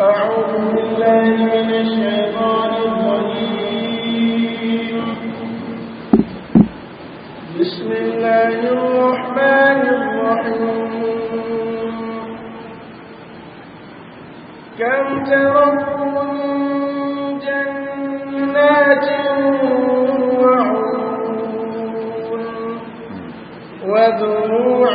أعوذ بالله من الشيطان الرجيم بسم الله الرحمن الرحيم كم تركوا من جنات وعيون وذروع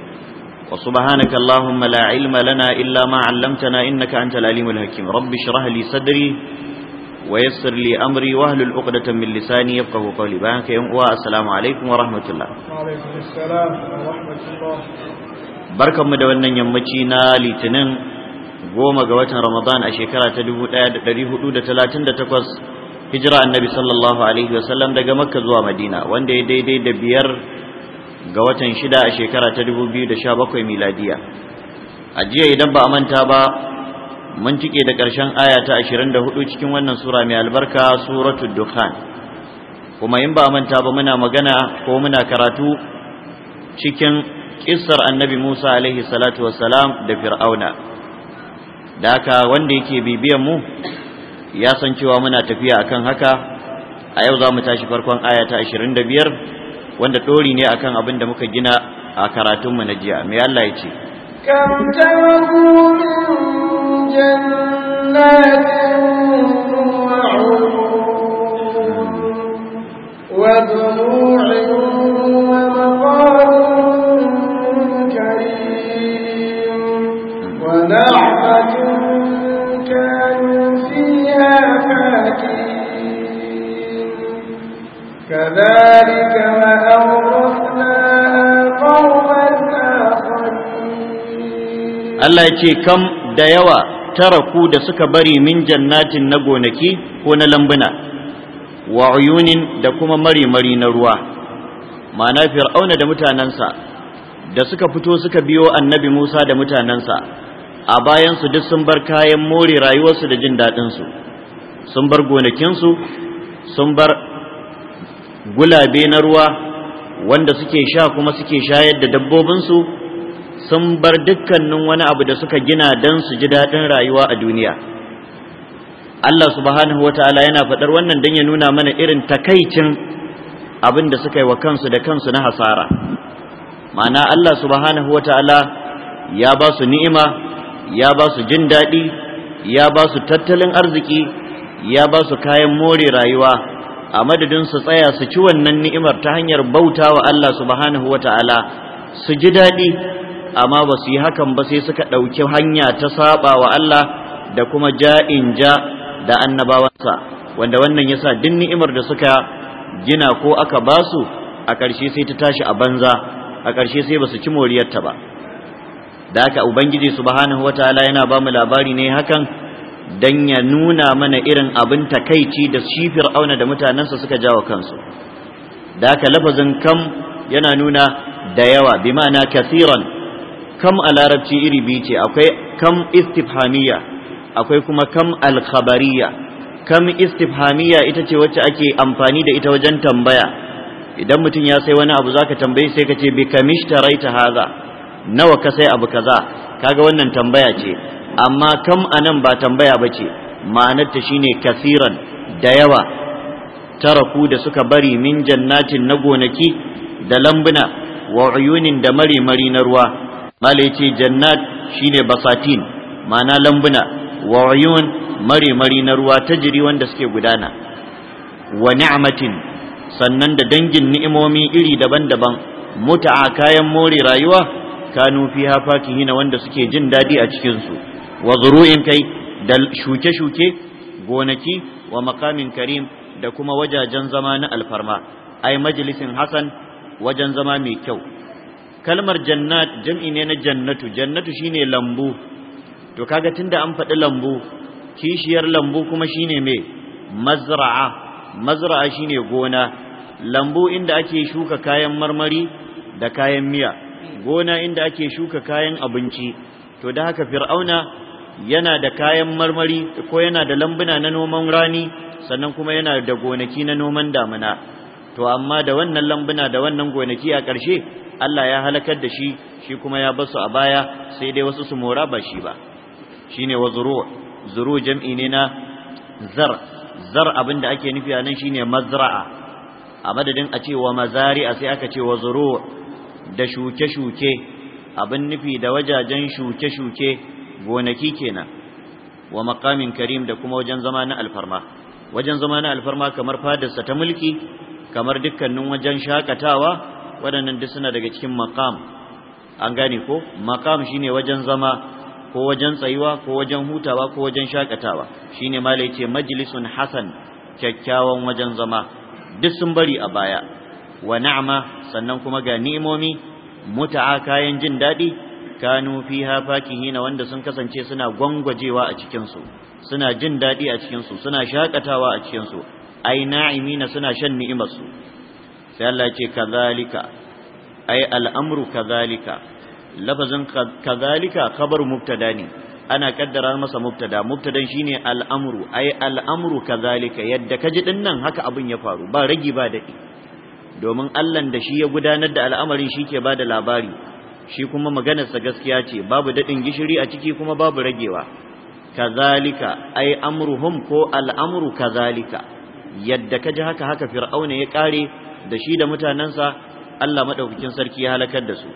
وسبحانك اللهم لا علم لنا إلا ما علمتنا إنك أنت العليم الحكيم رب اشرح لي صدري ويسر لي أمري واهلل عقدة من لساني يفقه قولي بانك يوم السلام عليكم ورحمة الله وعليكم السلام ورحمة الله barkan mu da wannan yammaci na litinin goma ga watan ramadan a shekara ta 1438 hijira annabi sallallahu alaihi wasallam daga makka zuwa madina wanda ya daidai da biyar ga watan shida a shekara ta 2017 miladiya a jiya idan ba a manta ba mun cike da ƙarshen aya ta hudu cikin wannan sura mai albarka suratu dukhan kuma in ba a manta ba muna magana ko muna karatu cikin kissar annabi Musa alaihi salatu wassalam da fir'auna da haka wanda yake bibiyan mu ya san cewa muna tafiya akan haka a yau za mu tashi farkon aya ta biyar? wanda dori ne akan abin da muka gina a karatunmu na jiya mai Allah ya ce kam كذلك وأورثناها قوما آخرين da يجي كم taraku da suka bari min jannatin na gonaki ko na lambuna wa uyunin da kuma mari-mari na ruwa mana fir'auna da mutanensa da suka fito suka biyo annabi musa da mutanensa a bayansu duk sun bar kayan more rayuwarsu da jin daɗinsu sun bar gonakinsu sun bar gulabe na ruwa wanda suke sha kuma suke shayar da dabbobinsu sun bar dukkanin wani abu da suka gina don su ji daɗin rayuwa a duniya Allah subhanahu wata'ala yana faɗar wannan don ya nuna mana irin takaicin abin da suka yi wa kansu da kansu na hasara ma'ana Allah subhanahu wata'ala ya ba su ni'ima ya ba su jin daɗi ya ba su tattalin arziki ya ba su kayan more rayuwa a madadin su tsaya su ci wannan ni'imar ta hanyar bauta wa Allah subhanahu ta'ala, su ji daɗi amma ba su yi hakan ba sai suka ɗauki hanya ta saba wa Allah da kuma ja'in ja da annabawansa wanda wannan yasa duk ni'imar da suka gina ko aka ba su, a ƙarshe sai ta tashi a banza a ƙarshe sai ba su ci moriyarta ba da haka ubangiji subhanahu ta'ala yana ba mu labari ne hakan dan ya nuna mana irin abin takaici da shi fir'auna da mutanensa suka jawo kansu da ka lafazin kam yana nuna da yawa bi ma'ana kasiran kam a larabci iri biyu ce akwai kam istifhamiyya akwai kuma kam alkhabariya kam istifhamiyya ita ce wacce ake amfani da ita wajen tambaya idan mutum ya sai wani abu zaka tambaye sai ka ce bi kamish ta haza nawa ka sai abu kaza kaga wannan tambaya ce amma kam anan ba tambaya ba bace ma'anarta shine kasiran da yawa taraku da suka bari min jannatin na gonaki da lambuna wa uyunin da mare-mari na ruwa malai ce jannat shine basatin ma'ana lambuna wa uyun mare-mari na ruwa ta jiri wanda suke gudana wa ni'matin sannan da dangin ni'imomi iri daban-daban muta'a kayan more rayuwa kanu fiha fakihina wanda suke jin daɗi a cikinsu. su wa zuru'in kai da shuke-shuke gonaki wa makamin karim da kuma wajajen zama na alfarma ai majalisin hasan wajen zama mai kyau kalmar jannat jam'i ne na jannatu jannatu shine lambu to kaga tunda an faɗi lambu kishiyar lambu kuma shine mai mazra'a mazra'a shine gona lambu inda ake shuka kayan marmari da kayan miya gona inda ake shuka kayan abinci to da haka fir'auna yana da kayan marmari ko yana da lambuna na noman rani sannan kuma yana da gonaki na noman damuna, to amma da wannan lambuna da wannan gonaki a ƙarshe Allah ya halakar da shi shi kuma ya basu a baya sai dai wasu su mora ba shi ba shine wa zuru zuru jam'i ne na zar zar abin da ake nufi a nan shine mazra'a a madadin a ce wa mazari'a sai aka ce wa zuru da shuke-shuke abin nufi da wajajen shuke-shuke gonaki kenan wa maqamin karim da kuma wajen zama na alfarma wajen zama na alfarma kamar fadarsa ta mulki kamar dukkanin wajen shakatawa waɗannan duk suna daga cikin maqam an gane ko maqam shine wajen zama ko wajen tsayuwa ko wajen hutawa ko wajen shakatawa shine malai ce majlisun hasan kyakkyawan wajen zama duk sun bari a baya wa na'ama sannan kuma ga ni'imomi muta'a kayan jin daɗi kanu fiha fakihina wanda sun kasance suna gwangwajewa a cikin su suna jin daɗi a cikin su suna shakatawa a cikin su ai na'imina suna shan ni'imar su sai Allah ya ce kazalika ai al'amru kazalika lafazin kazalika khabar mubtada ne ana kaddara masa mubtada mubtadan shine al'amru ai al'amru kazalika yadda ka ji dinnan haka abin ya faru ba ragi ba daɗi domin Allah da shi ya gudanar da al'amarin shi ke ba da labari shi kuma maganarsa gaskiya ce babu daɗin gishiri a ciki kuma babu ragewa kazalika ai amruhum ko al'amru kazalika yadda ka ji haka haka fir'auna ya ƙare da shi da mutanensa Allah maɗaukakin sarki ya halakar da su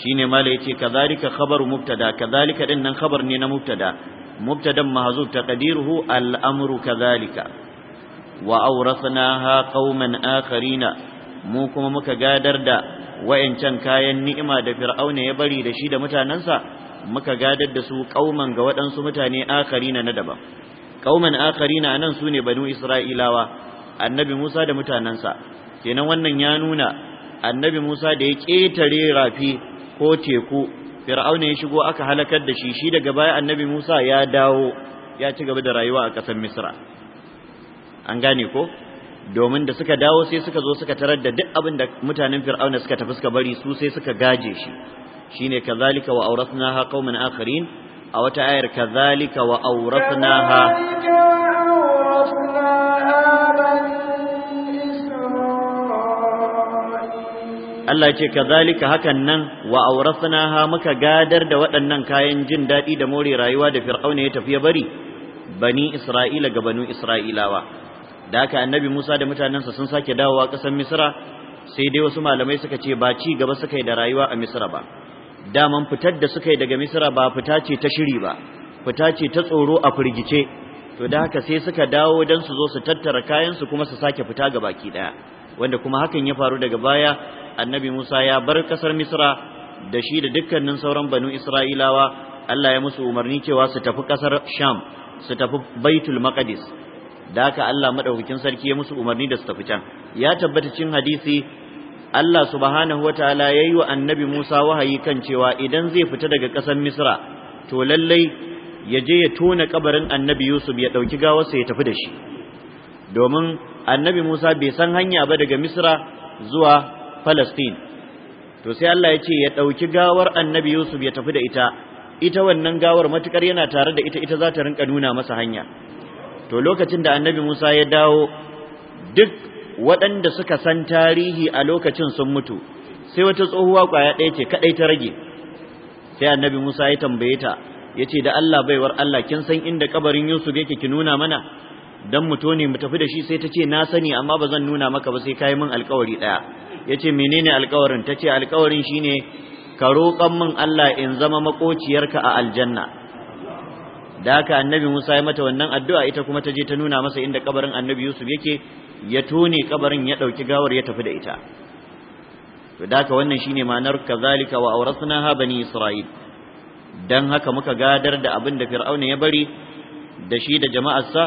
shine mala yace kazalika khabaru mubtada kazalika ɗin nan khabar ne na mubtada mubtadan mahzuf taqdiruhu al'amru kazalika wa awrathnaha qauman akharina mu kuma muka gadar da wa'yancan kayan ni'ima da fir'auna ya bari da shi da mutanensa muka gadar da su kauman ga waɗansu mutane akarina na daban kauman akarina nan su ne banu isra'ilawa annabi musa da mutanensa kenan wannan ya nuna annabi musa da ya ƙetare rafi ko teku fir'auna ya shigo aka halakar da shi shi daga baya annabi musa ya dawo ya ci gaba da rayuwa a ƙasar misra an gane ko domin da suka dawo sai suka zo suka tarar da duk abin da mutanen fir'auna suka tafi suka bari su sai suka gaje shi shine kazalika wa awrathnaha qauman akharin a wata ayar kazalika wa awrathnaha Allah ce kazalika hakan nan wa awrathnaha muka gadar da waɗannan kayan jin daɗi da more rayuwa da fir'auna ya tafi ya bari bani isra'ila ga banu isra'ilawa da aka annabi Musa da mutanensa sun sake dawowa ƙasar Misra sai dai wasu malamai suka ce ba ci gaba suka yi da rayuwa a Misra ba daman fitar da suka yi daga Misra ba fita ce ta shiri ba fita ce ta tsoro a firgice to da haka sai suka dawo dan su zo su tattara kayan su kuma su sake fita ga baki daya wanda kuma hakan ya faru daga baya annabi Musa ya bar ƙasar Misra da shi da dukkanin sauran banu Isra'ilawa Allah ya musu umarni cewa su tafi ƙasar Sham su tafi Baitul Maqdis da haka Allah madaukakin sarki ya musu umarni da su tafi can ya tabbata cin hadisi Allah subhanahu wataala yayi wa annabi Musa wahayi kan cewa idan zai fita daga ƙasar Misra to lallai ya je ya tona kabarin annabi Yusuf ya dauki gawarsa ya tafi da shi domin annabi Musa bai san hanya ba daga Misra zuwa Palestine to sai Allah ya ce ya dauki gawar annabi Yusuf ya tafi da ita ita wannan gawar matukar yana tare da ita ita za ta rinka nuna masa hanya to lokacin da annabi Musa ya dawo duk waɗanda suka san tarihi a lokacin sun mutu sai wata tsohuwa kwaya ɗaya ce kaɗai ta rage sai annabi Musa ya tambaye ta ya ce da Allah baiwar Allah kin san inda kabarin Yusuf yake ki nuna mana dan mu tone mu tafi da shi sai ta ce na sani amma ba zan nuna maka ba sai kai min alƙawari ɗaya ya ce menene alƙawarin ta ce alƙawarin shine ka roƙan min Allah in zama makociyarka a aljanna da haka annabi Musa ya mata wannan addu'a ita kuma ta je ta nuna masa inda kabarin annabi Yusuf yake ya tone kabarin ya dauki gawar ya tafi da ita to da haka wannan shine ma'anar kazalika wa awrasnaha bani isra'il dan haka muka gadar da abin da fir'auna ya bari da shi da jama'arsa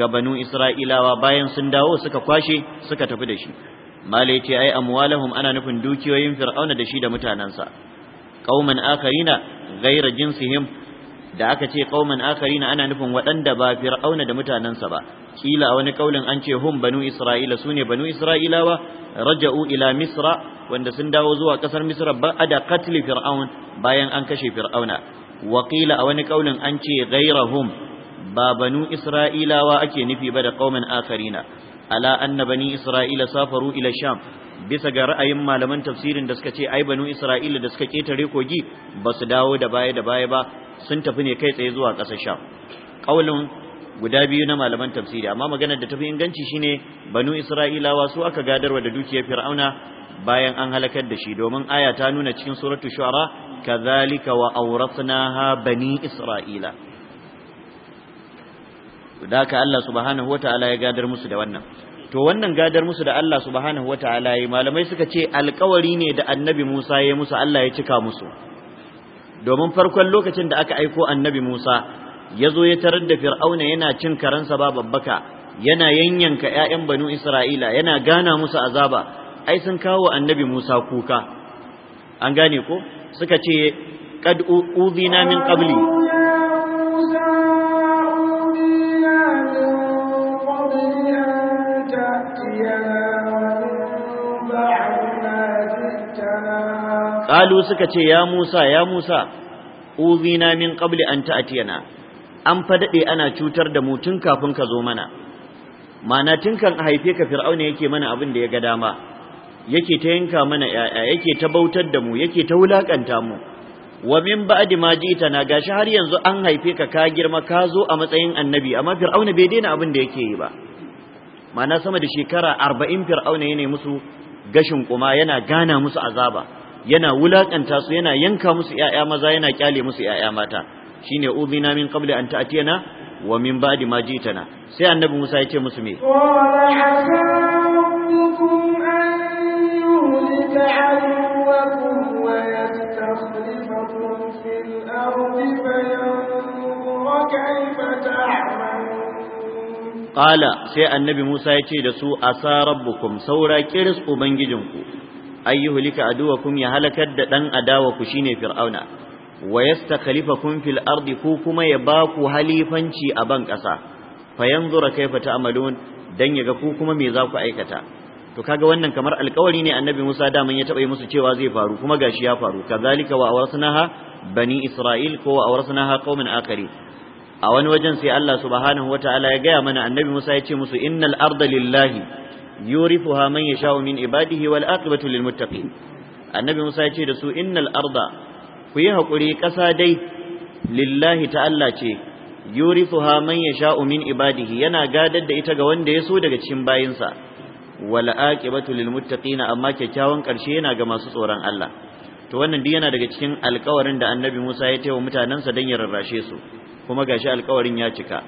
ga banu isra'ilawa bayan sun dawo suka kwashe suka tafi da shi malai ce ai amwalahum ana nufin dukiyoyin fir'auna da shi da mutanansa qauman akharina ghayra jinsihim da aka ce qauman akarina ana nufin waɗanda ba fir'auna da mutanansa ba kila a wani kaulin an ce hum banu isra'ila sune banu isra'ilawa raja'u ila misra wanda sun dawo zuwa kasar misra ba da qatl fir'aun bayan an kashe fir'auna wa kila a wani kaulin an ce ghairahum ba banu isra'ilawa ake nufi ba da qauman akarina ala anna bani isra'ila safaru ila sham bisa ga ra'ayin malaman tafsirin da suka ce ai banu isra'ila da suka ketare kogi ba su dawo da baya da baya ba sun tafi ne kai tsaye zuwa ƙasar sham ƙaulin guda biyu na malaman tafsiri amma maganar da tafi inganci shine banu isra'ilawa su aka gadarwa da dukiyar fir'auna bayan an halakar da shi domin aya ta nuna cikin suratu shu'ara kadhalika wa awrathnaha bani isra'ila da Allah subhanahu wata'ala ya gadar musu da wannan to wannan gadar musu da Allah subhanahu wata'ala ya malamai suka ce alkawari ne da annabi Musa ya musu Allah ya cika musu domin farkon lokacin da aka aiko annabi Musa ya zo ya tarar da Fir'auna yana cin karansa ba babbaka yana yanyanka 'ya'yan banu Isra'ila yana gana musu azaba ai sun kawo annabi Musa kuka an gane ko suka ce qad uzina min qabli qalu suka ce ya Musa ya Musa uzina min qabli an ta'tiyana an fa ana cutar da mu tun kafin ka zo mana mana tun kan haife ka fir'auna yake mana abin da ya ga dama yake ta yanka mana yaya yake ta bautar da mu yake ta wulakanta mu wa min ba'di ma jita na gashi har yanzu an haife ka ka girma ka zo a matsayin annabi amma fir'auna bai daina abin da yake yi ba mana sama da shekara arba'in fir'auna yana musu gashin kuma yana gana musu azaba yana wulakanta su yana yanka musu ƴaƴa maza yana kyale musu ƴaƴa mata shine ubina min qabli an ta'tiyana wa min ba'di ma jitana sai annabi Musa ya ce musu me Ƙala sai annabi Musa ya ce da su asa rabbukum saura kirs ubangijinku ayyuhlika kum ya halakar da dan adawa ku shine fir'auna wa yastakhlifakum fil ardi ku kuma ya baku halifanci a ban kasa fayanzura kaifa ta'malun dan ga ku kuma me za ku aikata to kaga wannan kamar alkawari ne annabi Musa daman ya taba yi musu cewa zai faru kuma gashi ya faru kazalika wa awrasnaha bani isra'il ko wa awrasnaha qaumin akari a wani wajen sai Allah subhanahu wataala ya gaya mana annabi Musa ya ce musu innal arda lillahi yurifuha man yasha'u min ibadihi wal aqibatu lil muttaqin annabi Musa ya ce da su innal arda ku yi hakuri ƙasa dai lillahi ta'ala ce yurifuha man yasha'u min ibadihi yana gadar da ita ga wanda ya so daga cikin bayinsa wal aqibatu lil muttaqin amma kyakkyawan ƙarshe yana ga masu tsoron Allah to wannan duk yana daga cikin alƙawarin da annabi Musa ya taiwa mutanansa dan ya rarrashe su kuma gashi alƙawarin ya cika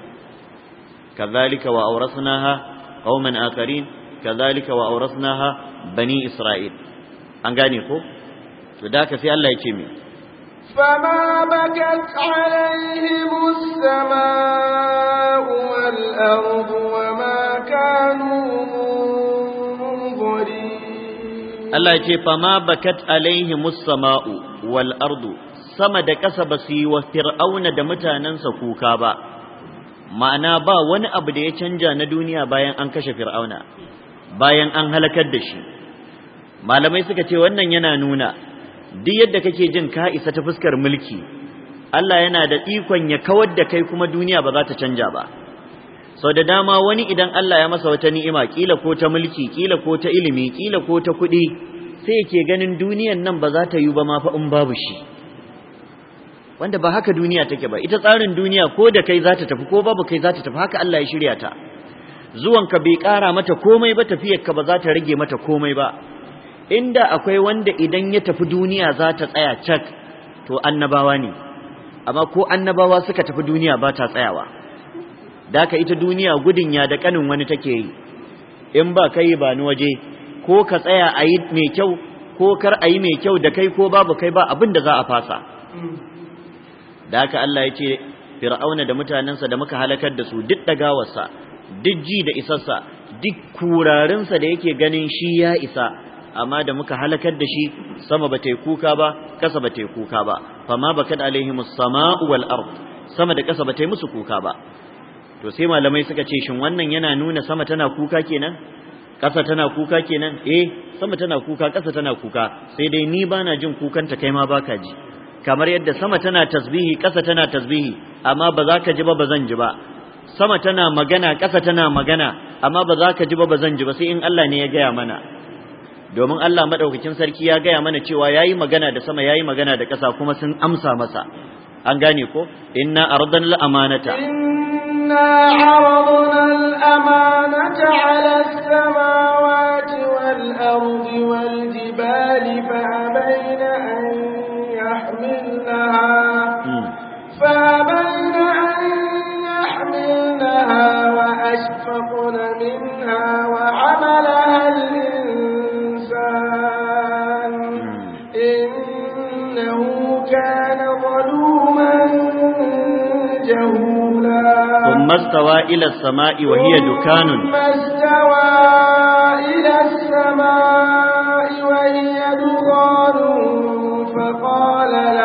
kazalika wa awrasnaha qauman akharin kazalika wa awrasnaha bani isra'il an gane ko to da ka sai Allah mi. ya ce me فما بكت عليهم السماء والأرض وما كانوا منظرين الله يقول فما بكت عليهم السماء والأرض sama da ƙasa ba su yi wa fir'auna da mutanen sa kuka ba ma'ana ba wani abu da ya canja na duniya bayan an kashe fir'auna bayan an halakar da shi malamai suka ce wannan yana nuna duk yadda kake jin ka isa ta fuskar mulki Allah yana da ikon ya kawar da kai kuma duniya ba za ta canja ba sau da dama wani idan Allah ya masa wata ni'ima kila ko ta mulki kila ko ta ilimi kila ko ta kuɗi sai yake ganin duniyan nan ba za ta yi ba ma fa in babu shi wanda ba haka duniya take ba ita tsarin duniya ko da kai za ta tafi ko babu kai za ta tafi haka Allah ya shirya ta Zuwan ka bai ƙara mata komai ba tafiyarka ba za ta rage mata komai ba inda akwai wanda idan ya tafi duniya za ta tsaya cak to annabawa ne amma ko annabawa suka tafi duniya ba ta tsayawa da ka ita duniya gudun ya da kanin wani take yi in ba kai ba ni waje ko ka tsaya a yi mai kyau ko kar a yi mai kyau da kai ko babu kai ba abin da za a fasa da haka Allah ya ce fir'auna da mutanensa da muka halakar da su duk da dagawarsa duk ji da isarsa duk kurarinsa da yake ganin shi ya isa amma da muka halakar da shi sama ba ta kuka ba kasa ba ta kuka ba fama ba kad alaihim sama'u wal ard sama da kasa ba tai musu kuka ba to sai malamai suka ce shin wannan yana nuna sama tana kuka kenan kasa tana kuka kenan eh sama tana kuka kasa tana kuka sai dai ni bana jin kukanta kai ma baka ji kamar yadda sama tana tasbihi kasa tana tasbihi amma ba za ka ji ba ba zan ji ba sama tana magana ƙasa tana magana amma ba za ka ji ba ba zan ji ba sai in Allah ne ya gaya mana domin Allah madaukakin sarki ya gaya mana cewa yayi magana da sama yayi magana da ƙasa kuma sun amsa masa an gane ko inna ardan al-amanata inna aradan al-amanata ala samawati wal-ardi wal-jibali fa abaina an yahmilnaha hmm. fa abaina منها وأشفقن منها وعملها الإنسان إنه كان ظلوما جهولا ثم استوى إلى السماء وهي دكان ثم استوى إلى السماء وهي دكان فقال لها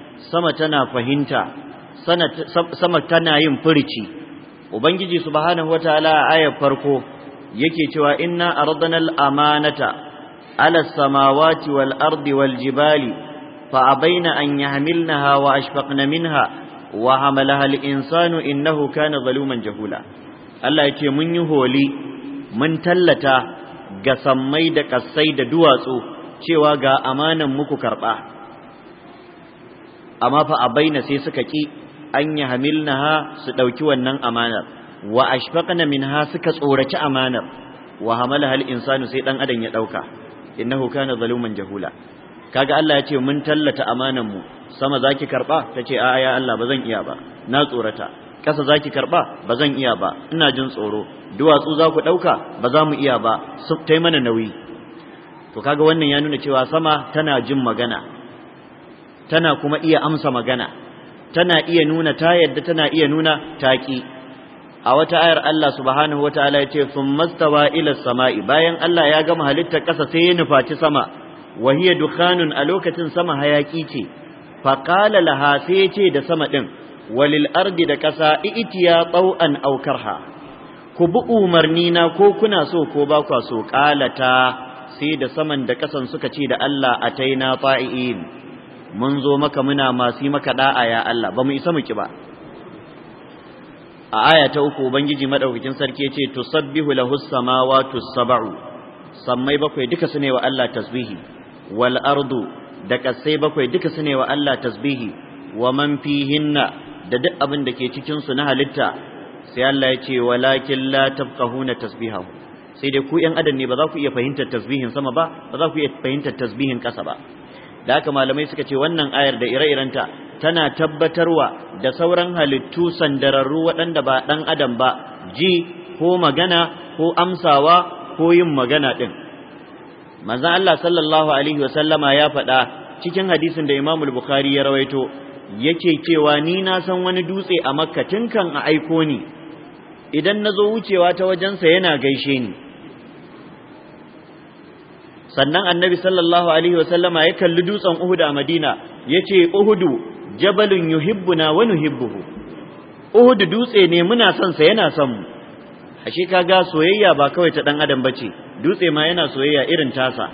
sama tana fahimta sama tana yin furici ubangiji subhanahu wataala a ayar farko yake cewa inna aradna amanata ala samawati wal ardi wal jibali fa abaina an yahmilnaha wa ashfaqna minha wa hamalaha al-insanu innahu kana zaluman jahula Allah yake mun yi holi mun tallata ga sammai da kassai da duwatsu cewa ga amanan muku karba amma fa a baina sai suka ki an yi ha su ɗauki wannan amanar wa ashfaqna minha suka tsoraci amanar wa hamala hal insanu sai dan adam ya ɗauka innahu kana zaluman jahula kaga Allah ya ce mun tallata amanar mu sama zaki karba tace a ya Allah bazan iya ba na tsorata kasa zaki karba bazan iya ba ina jin tsoro duwatsu za ku dauka ba za mu iya ba su tai mana nauyi to kaga wannan ya nuna cewa sama tana jin magana tana kuma iya amsa magana tana iya nuna ta yadda tana iya nuna taƙi a wata ayar Allah subhanahu wataala ya ce sun mastawa ila samai bayan Allah ya gama halittar ƙasa sai ya nufaci sama wa hiya dukhanun a lokacin sama hayaki ce fa qala laha sai ya ce da sama din walil ardi da ƙasa itiya tau'an aw karha ku bi umarni na ko kuna so ko ba kwa so qalata sai da saman da ƙasan suka ce da Allah ataina fa'i'in. mun zo maka muna masu maka da'a ya Allah ba mu isa muki ba a aya ta uku ubangiji madaukakin sarki yace tusabbihu lahu samawati sab'u sammai bakwai duka sune wa Allah tasbihi wal ardu da kasai bakwai duka sune wa Allah tasbihi wa man fihinna da duk abin da ke cikin su na halitta sai Allah yace walakin la tafqahuna tasbihahu sai dai ku yan adam ne ba za ku iya fahimtar tasbihin sama ba ba za ku iya fahimtar tasbihin kasa ba da haka malamai suka ce wannan ayar da ire-irenta tana tabbatarwa da sauran halittu sandararru waɗanda ba ɗan adam ba ji ko magana ko amsawa ko yin magana ɗin Maza Allah sallallahu alaihi wasallama ya faɗa cikin hadisin da Imamul Bukhari ya rawaito yake cewa ni na san wani dutse a Makka kan a aiko ni idan na zo wucewa ta wajensa yana gaishe ni sannan annabi sallallahu alaihi wasallama ya kalli dutsen Uhud a Madina yace Uhudu jabalun yuhibbuna wa nuhibbuhu Uhud dutse ne muna son sa yana son mu ashe kaga soyayya ba kawai ta dan adam bace dutse ma yana soyayya irin tasa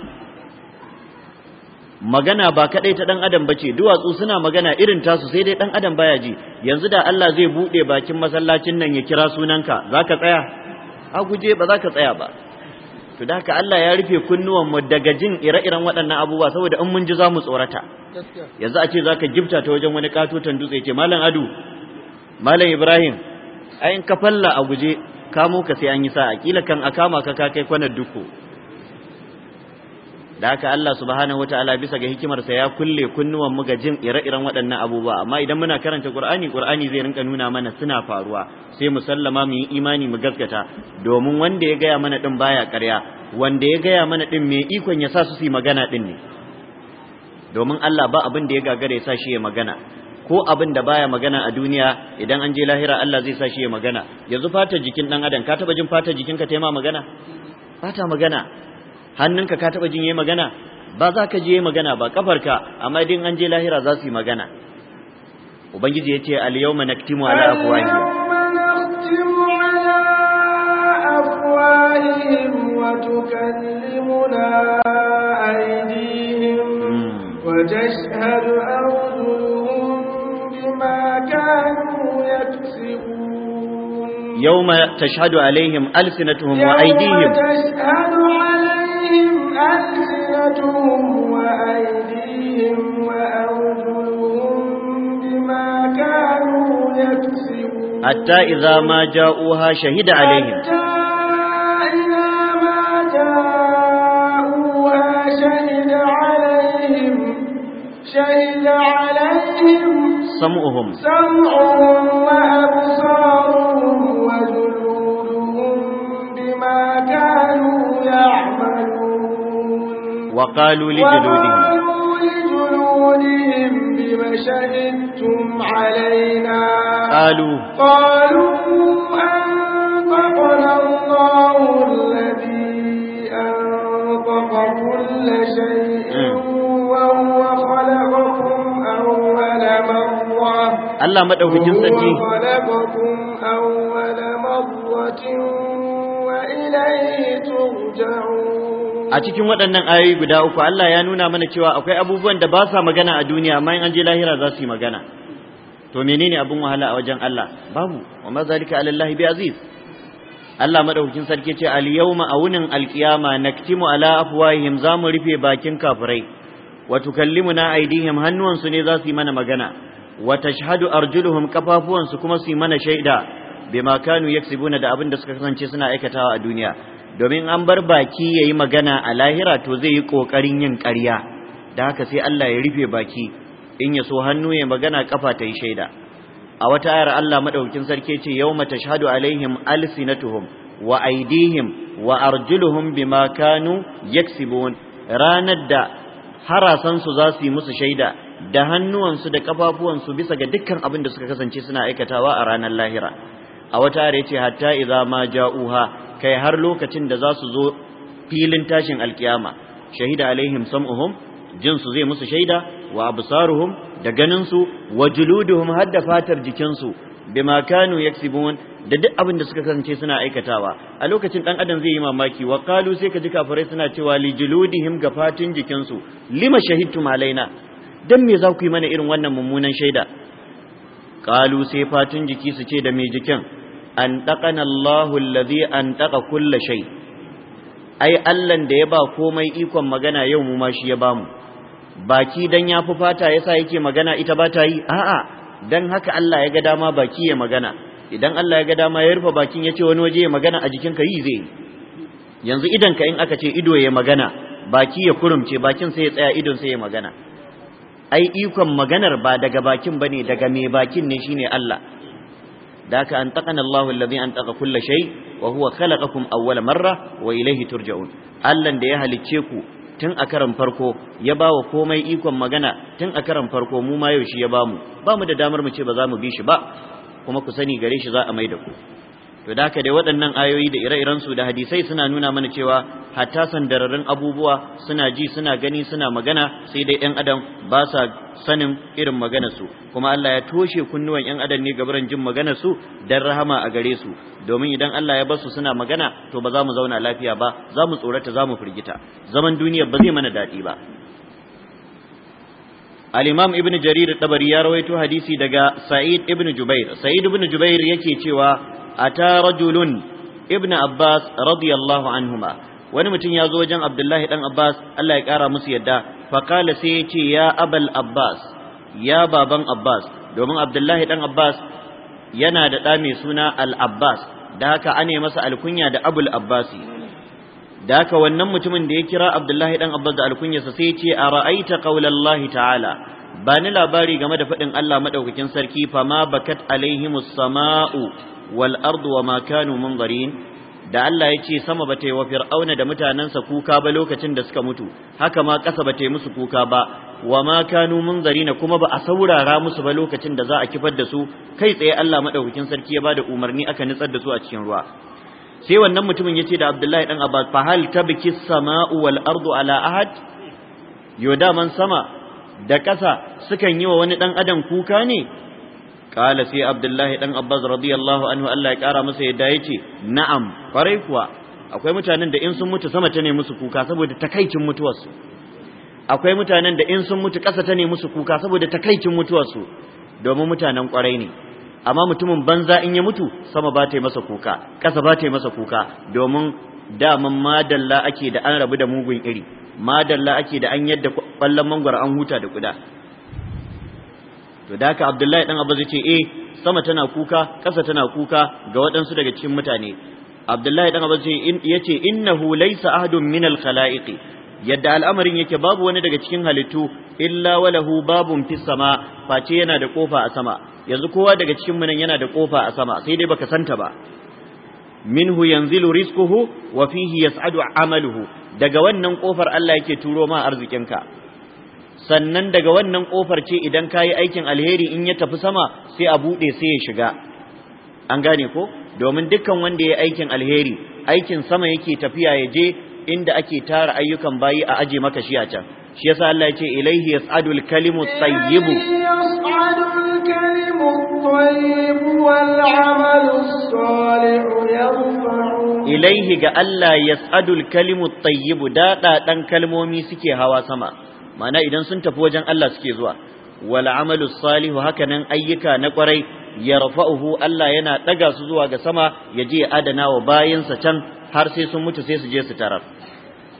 magana ba kadai ta dan adam bace duwatsu suna magana irin tasu sai dai dan adam baya ji yanzu da Allah zai bude bakin masallacin nan ya kira sunanka zaka tsaya a guje ba zaka tsaya ba to da haka Allah ya rufe kunnuwan mu daga jin ire-iren waɗannan abubuwa saboda in mun ji za mu tsorata yanzu a ce zaka gifta ta wajen wani katotan dutse ce malam adu malam ibrahim ayin ka falla a guje kamo ka sai an yi sa'a kila kan akama ka ka kai kwanar duku da haka Allah subhanahu wataala bisa ga hikimarsa ya kulle kunnuwan mu ga jin ire-iren waɗannan abubuwa amma idan muna karanta Qur'ani Qur'ani zai rinka nuna mana suna faruwa sai mu sallama mu yi imani mu gaskata domin wanda ya gaya mana din baya ƙarya wanda ya gaya mana din me ikon ya sa su su magana din ne domin Allah ba abin da ya gagara ya sa shi ya magana ko abin da baya magana a duniya idan an je lahira Allah zai sa shi ya magana yanzu fatar jikin dan adam ka taba jin fatar jikinka ta ma magana fata magana hannunka ka taba jin yayi magana ba za ka ji yayi magana ba kafarka amma din an je lahira za su yi magana ubangiji yace al yawma naktimu ala afwahihim wa aidihim. يوم تشهد عليهم ألسنتهم وأيديهم بأيديهم ألسنتهم وأيديهم وأرجلهم بما كانوا يكسبون حتى إذا ما جاءوها شهد عليهم حتى إذا ما جاءوها شهد عليهم شهد عليهم سمعهم سمعهم وأبصارهم وجلودهم بما كانوا يعملون وقالوا لجلودهم لجلودهم لم شهدتم علينا قالوا قالوا أنطقنا الله الذي أنطق كل شيء وهو خلقكم أول مرة الله مدعو في جنسة a cikin waɗannan ayoyi guda uku Allah ya nuna mana cewa akwai abubuwan da ba sa magana a duniya amma in an je lahira za su yi magana to menene abin wahala a wajen Allah babu wa ma zalika ala Allah bi aziz Allah madaukakin sarki ce al yawma awunin al qiyama naktimu ala afwahihim za mu rufe bakin kafirai wa tukallimuna aydihim hannuwansu ne za su yi mana magana wa tashhadu arjuluhum kafafuwansu kuma su yi mana shaida bima kanu yaksibuna da abin da suka kasance suna aikatawa a duniya domin an bar baki ya yi magana a lahira to zai yi ƙoƙarin yin ƙarya da haka sai Allah ya rufe baki in ya so hannu ya magana kafa ta yi shaida a wata ayar Allah maɗaukin sarki ce yawma tashhadu alaihim alsinatuhum wa aidihim wa arjuluhum bima kanu yaksibun ranar da harasansu za su yi musu shaida da hannuwansu da kafafuwansu bisa ga dukkan abin da suka kasance suna aikatawa a ranar lahira a wata are yace hatta idza ma ja'uha kai har lokacin da za su zo filin tashin alkiyama shahida alaihim sam'uhum jinsu zai musu shaida wa absaruhum da ganinsu wa juluduhum har da fatar jikinsu bima kanu yaksibun da duk abin da suka kasance suna aikatawa a lokacin dan adam zai yi mamaki wa qalu sai ka ji kafirai suna cewa li juludihim ga fatin jikinsu lima shahidtum alaina dan me za ku yi mana irin wannan mummunan shaida qalu sai fatin jiki su ce da me jikin an taqana Allahu allazi an taqa kulla shay ai Allahn da ya ba komai ikon magana yau mu ma shi ya bamu baki dan ya fi fata yasa yake magana ita ba ta yi a'a dan haka Allah ya ga dama baki ya magana idan Allah ya ga dama ya rufe bakin ya ce wani waje ya magana a jikin ka yi zai yanzu idan ka in aka ce ido ya magana baki ya kurumce bakin sai ya tsaya idon sai ya magana ai ikon maganar ba daga bakin bane daga mai bakin ne shine Allah ذاك أنتقنا الله الذي أنتق كل شيء وهو خلقكم أول مرة وإليه ترجعون ألا ديها لتشيكو tun a karan farko ya bawa komai ikon magana tun a karan farko mu ma yaushe ya bamu. Bamu da damar mu ce ba za mu bi shi ba kuma ku sani gare shi za a mai da ku to da haka dai waɗannan ayoyi da ire-iren su da hadisai suna nuna mana cewa hatta sandararin abubuwa suna ji suna gani suna magana sai dai 'yan adam ba sa sanin irin maganar su kuma Allah ya toshe kunnuwan 'yan adam ne ga gabaran jin maganar su dan rahama a gare su domin idan Allah ya bar su suna magana to ba za mu zauna lafiya ba za mu tsorata za mu firgita zaman duniya ba zai mana daɗi ba al-imam ibn jarir tabari ya rawaito hadisi daga sa'id ibn jubair sa'id ibn jubair yake cewa ata rajulun ibnu abbas radiyallahu anhuma wani mutum ya zo wajen abdullahi dan abbas Allah ya kara musu yadda fa sai ya ce ya abal abbas ya baban abbas domin abdullahi ɗan abbas yana da ɗa mai suna al abbas da haka ane masa alkunya da abul abbasi da haka wannan mutumin da ya kira abdullahi ɗan abbas da alkunyarsa sai ya ce a ra'aita qaulallahi ta'ala ba ni labari game da faɗin Allah maɗaukakin sarki Famabakat bakat alaihimus sama'u wal ardu wa ma kanu munzarin da Allah ya ce sama ba ta yi wa fir'auna da mutanensa kuka ba lokacin da suka mutu haka ma ƙasa ba ta yi musu kuka ba wa ma kanu munzarin kuma ba a saurara musu ba lokacin da za a kifar da su kai tsaye Allah madaukakin sarki ya bada umarni aka nitsar da su a cikin ruwa sai wannan mutumin ya ce da Abdullahi dan Abbas fa hal tabki sama'u wal ardu ala ahad yo man sama da ƙasa sukan yi wa wani dan adam kuka ne qala sai abdullahi dan abbas radiyallahu anhu Allah ya kara masa yadda yace na'am kwarai kuwa akwai mutanen da in sun mutu sama ta ne musu kuka saboda takaicin su akwai mutanen da in sun mutu kasa ta ne musu kuka saboda takaicin mutuwarsu domin mutanen kwarai ne amma mutumin banza in ya mutu sama ba ta yi masa kuka kasa ba ta yi masa kuka domin daman madalla ake da an rabu da mugun iri madalla ake da an yadda kwallon mangwaro an huta da kuda to da haka abdullahi dan abu ce eh sama tana kuka kasa tana kuka ga waɗansu daga cikin mutane abdullahi dan abu yace innahu laysa ahadun min al khalaiqi yadda al'amarin yake babu wani daga cikin halittu illa walahu babun fis sama face yana da kofa a sama yanzu kowa daga cikin mu yana da kofa a sama sai dai baka santa ba minhu yanzilu rizquhu wa fihi yas'adu amaluhu daga wannan kofar Allah yake turo ma arzikin ka. sannan daga wannan kofar ce idan ka yi aikin alheri in ya tafi sama sai a bude sai ya shiga an gane ko domin dukkan wanda ya yi aikin alheri aikin sama yake tafiya ya je inda ake tara ayyukan bayi a aje maka shi a can shi yasa Allah ya ce ilaihi yas'adul kalimu tayyibu ilaihi ga Allah yas'adul kalimu tayyibu da dan kalmomi suke hawa sama ma'ana idan sun tafi wajen Allah suke zuwa wal amalu salihu hakanan ayyuka na kwarai ya yarfa'uhu Allah yana daga su zuwa ga sama ya je adana wa bayansa can har sai sun mutu sai su je su tarar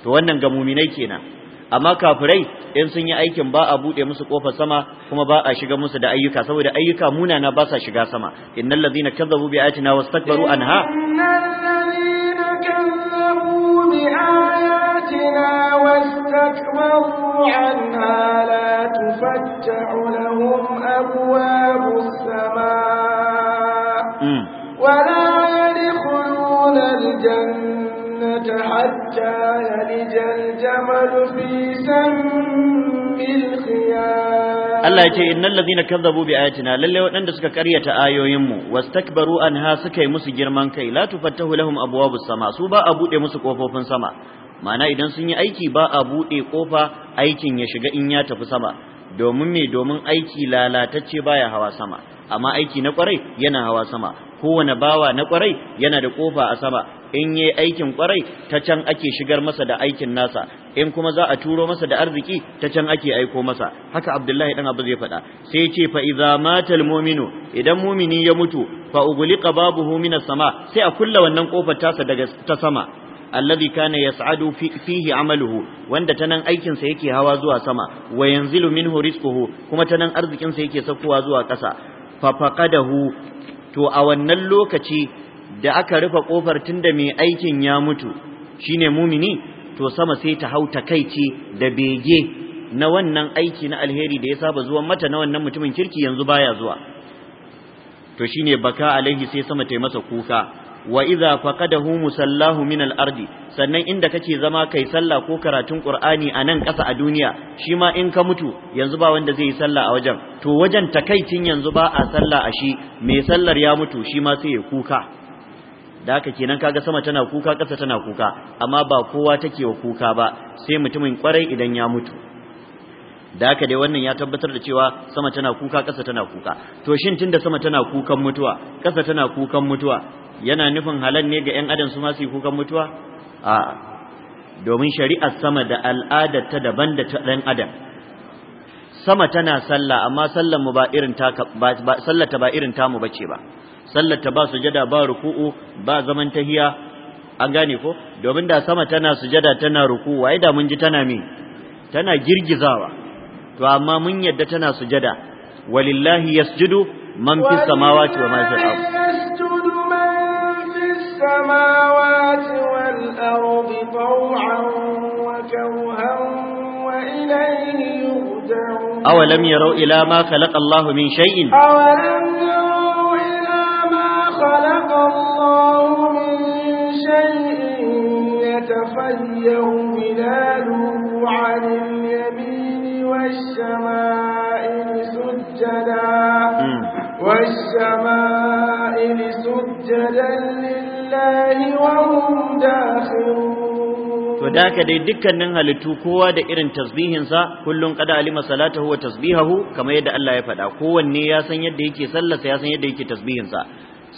to wannan ga muminai kenan amma kafirai in sun yi aikin ba a bude musu kofar sama kuma ba a shiga musu da ayyuka saboda ayyuka munana ba sa shiga sama innal ladzina kazzabu bi ayatina wastakbaru anha innal ladzina kazzabu bi ayatina wastakbaru عنها لا تفتح لهم أبواب السماء ولا يدخلون الجنة حتى يلج الجمل في سم الخيام Allah ya ce innal ladhina kadzabu bi ayatina lalle waɗanda suka karyata ayoyin mu wastakbaru anha suka yi musu girman kai la tufattahu lahum abwabus sama su ba a bude musu kofofin sama ma'ana idan sun yi aiki ba a buɗe ƙofa aikin ya shiga in ya tafi sama domin me domin aiki lalatacce baya hawa sama amma aiki na kwarai yana hawa sama kowane bawa na kwarai yana da ƙofa a sama in yi aikin kwarai ta can ake shigar masa da aikin nasa in kuma za a turo masa da arziki ta can ake aiko masa haka abdullahi dan abu zai faɗa sai ce fa idza matal mu'minu idan mumini ya mutu fa ugliqa babuhu minas sama sai a kulla wannan kofar tasa daga ta sama alladhi kana yas'adu fihi amaluhu wanda tanan aikin sa yake hawa zuwa sama wa yanzilu minhu rizquhu kuma tanan arzikin sa yake saukowa zuwa ƙasa fa faqadahu to a wannan lokaci da aka rufe kofar tunda mai aikin ya mutu shine mumini to sama sai ta hau takaici da bege na wannan aiki na alheri da ya saba zuwa mata na wannan mutumin kirki yanzu baya zuwa to shine baka alaihi sai sama ta masa kuka wa idza faqadahu musallahu min al-ardi sannan inda kake zama kai sallah ko karatun qur'ani a nan kasa a duniya shi ma in ka mutu yanzu ba wanda zai yi sallah a wajen to wajen takaicin yanzu ba a sallah a shi mai sallar ya mutu shi ma sai ya kuka da haka kenan kaga sama tana kuka ƙasa tana kuka amma ba kowa take wa kuka ba sai mutumin kwarai idan ya mutu da haka dai wannan ya tabbatar da cewa sama tana kuka ƙasa tana kuka to shin tunda sama tana kukan mutuwa kasa tana kukan mutuwa yana nufin halan ne ga 'yan adam su ma su yi kukan mutuwa a domin shari'ar sama da al'adar ta daban da ta ɗan adam sama tana sallah amma sallar mu ba irin ta ba sallar ta ba irin tamu bace ba sallar ta ba sujada ba ruku'u ba zaman tahiya an gane ko domin da sama tana sujada tana ruku'u ai da mun ji tana me tana girgizawa to amma mun yadda tana sujada walillahi yasjudu man fis samawati wa ma fil ardh السماوات والأرض طوعا وكوها وإليه يرجعون أولم يروا إلى ما خلق الله من شيء أولم يروا إلى ما خلق الله من شيء يتفيه ملاله عن اليمين والشمائل سجدا والسماء سجدا لله وهم داخلون to da haka dai dukkanin halittu kowa da irin tasbihinsa kullum kada alima salatahu wa tasbihahu kamar yadda Allah ya faɗa kowanne ya san yadda yake sallarsa ya san yadda yake tasbihinsa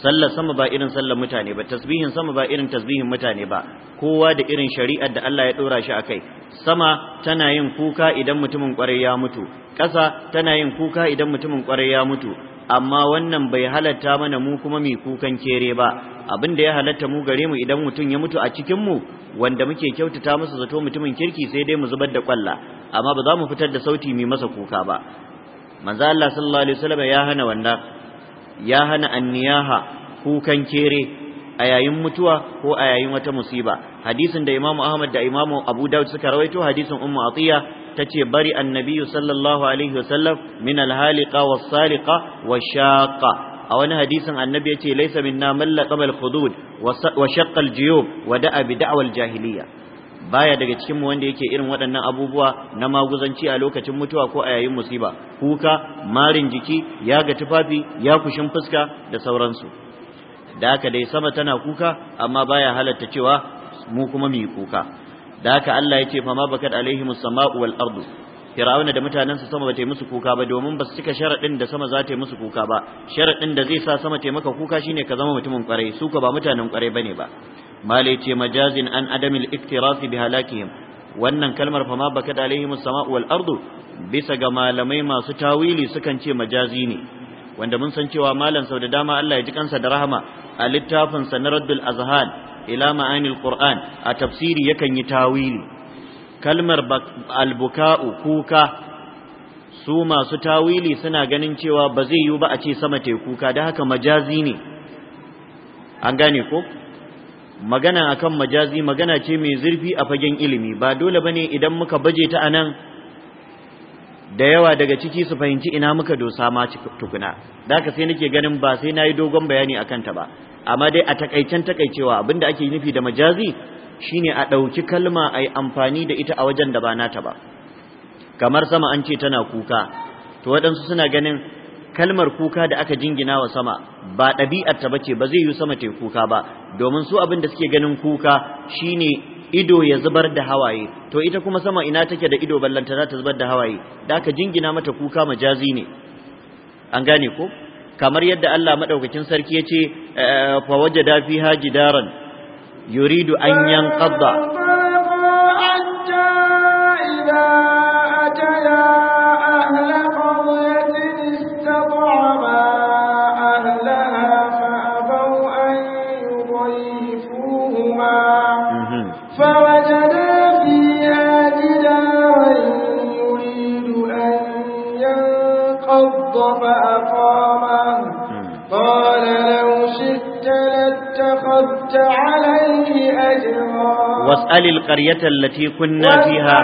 sallar sama ba irin sallar mutane ba tasbihin sama ba irin tasbihin mutane ba kowa da irin shari'ar da Allah ya ɗora shi kai. sama tana yin kuka idan mutumin kwarai ya mutu ƙasa tana yin kuka idan mutumin kwarai ya mutu amma wannan bai halatta mana mu kuma mai kukan kere ba abin da ya halatta mu gare mu idan mutum ya mutu a cikin mu wanda muke kyautata masa zato mutumin kirki sai dai mu zubar da kwalla amma ba za mu fitar da sauti mai masa kuka ba manzo Allah sallallahu alaihi wasallam ya hana wannan ya hana anniyaha kukan kere a yayin mutuwa ko a yayin wata musiba hadisin da Imam Ahmad da Imam Abu Dawud suka rawaito hadisin Ummu Atiya Ta ce bari annabi sallallahu alaihi wasallam min alhaliqa was-saliqa shaqa a wani hadisin annabi ce laisa minna man laqaba al wa shaqqa al wa da'a bi da'wal jahiliya baya daga cikin mu wanda yake irin waɗannan abubuwa na maguzanci a lokacin mutuwa ko a yayin musiba kuka marin jiki ya ga tufafi ya kushin fuska da sauransu da haka dai sama tana kuka amma baya halatta cewa mu kuma mu yi kuka da haka Allah ya ce fa ma bakat alaihi musama'u wal ardu fir'auna da mutanensa sama ba ta yi musu kuka ba domin ba su cika sharaɗin da sama za ta yi musu kuka ba sharaɗin da zai sa sama ta maka kuka shine ka zama mutumin kwarai su ka ba mutanen kwarai bane ba malai ce majazin an adamil iktirafi bi halakihim wannan kalmar fa ma bakat alaihim as wal ardu bisa ga malamai masu tawili sukan ce majazi ne wanda mun san cewa malam sau da dama Allah ya ji kansa da rahama a littafin sa na Azhan ila ma'anil qur'an a tafsiri yakan yi tawili kalmar albuka'u kuka su masu tawili suna ganin cewa ba zai yiwu ba a ce sama te kuka da haka majazi ne an gane ko magana akan majazi magana ce mai zurfi a fagen ilimi ba dole bane idan muka baje ta anan da yawa daga ciki su fahimci ina muka dosa ma tukuna da haka sai nake ganin ba sai nayi dogon bayani akan ta ba amma dai a takaicen takaicewa abinda ake nufi da majazi shine a ɗauki kalma ai amfani da ita a wajen da ba nata ba kamar sama an ce tana kuka to waɗansu suna ganin kalmar kuka da aka jingina wa sama ba ɗabi'arta ba ce ba zai yi sama ta kuka ba domin su abin da suke ganin kuka shine ido ya zubar da hawaye to ita kuma sama ina take da ido ballanta za ta zubar da hawaye da aka jingina mata kuka majazi ne an gane ko kamar yadda Allah madaukakin sarki yace eh, fa wajada fiha jidaran yuridu an yanqadda واسأل القرية التي كنا فيها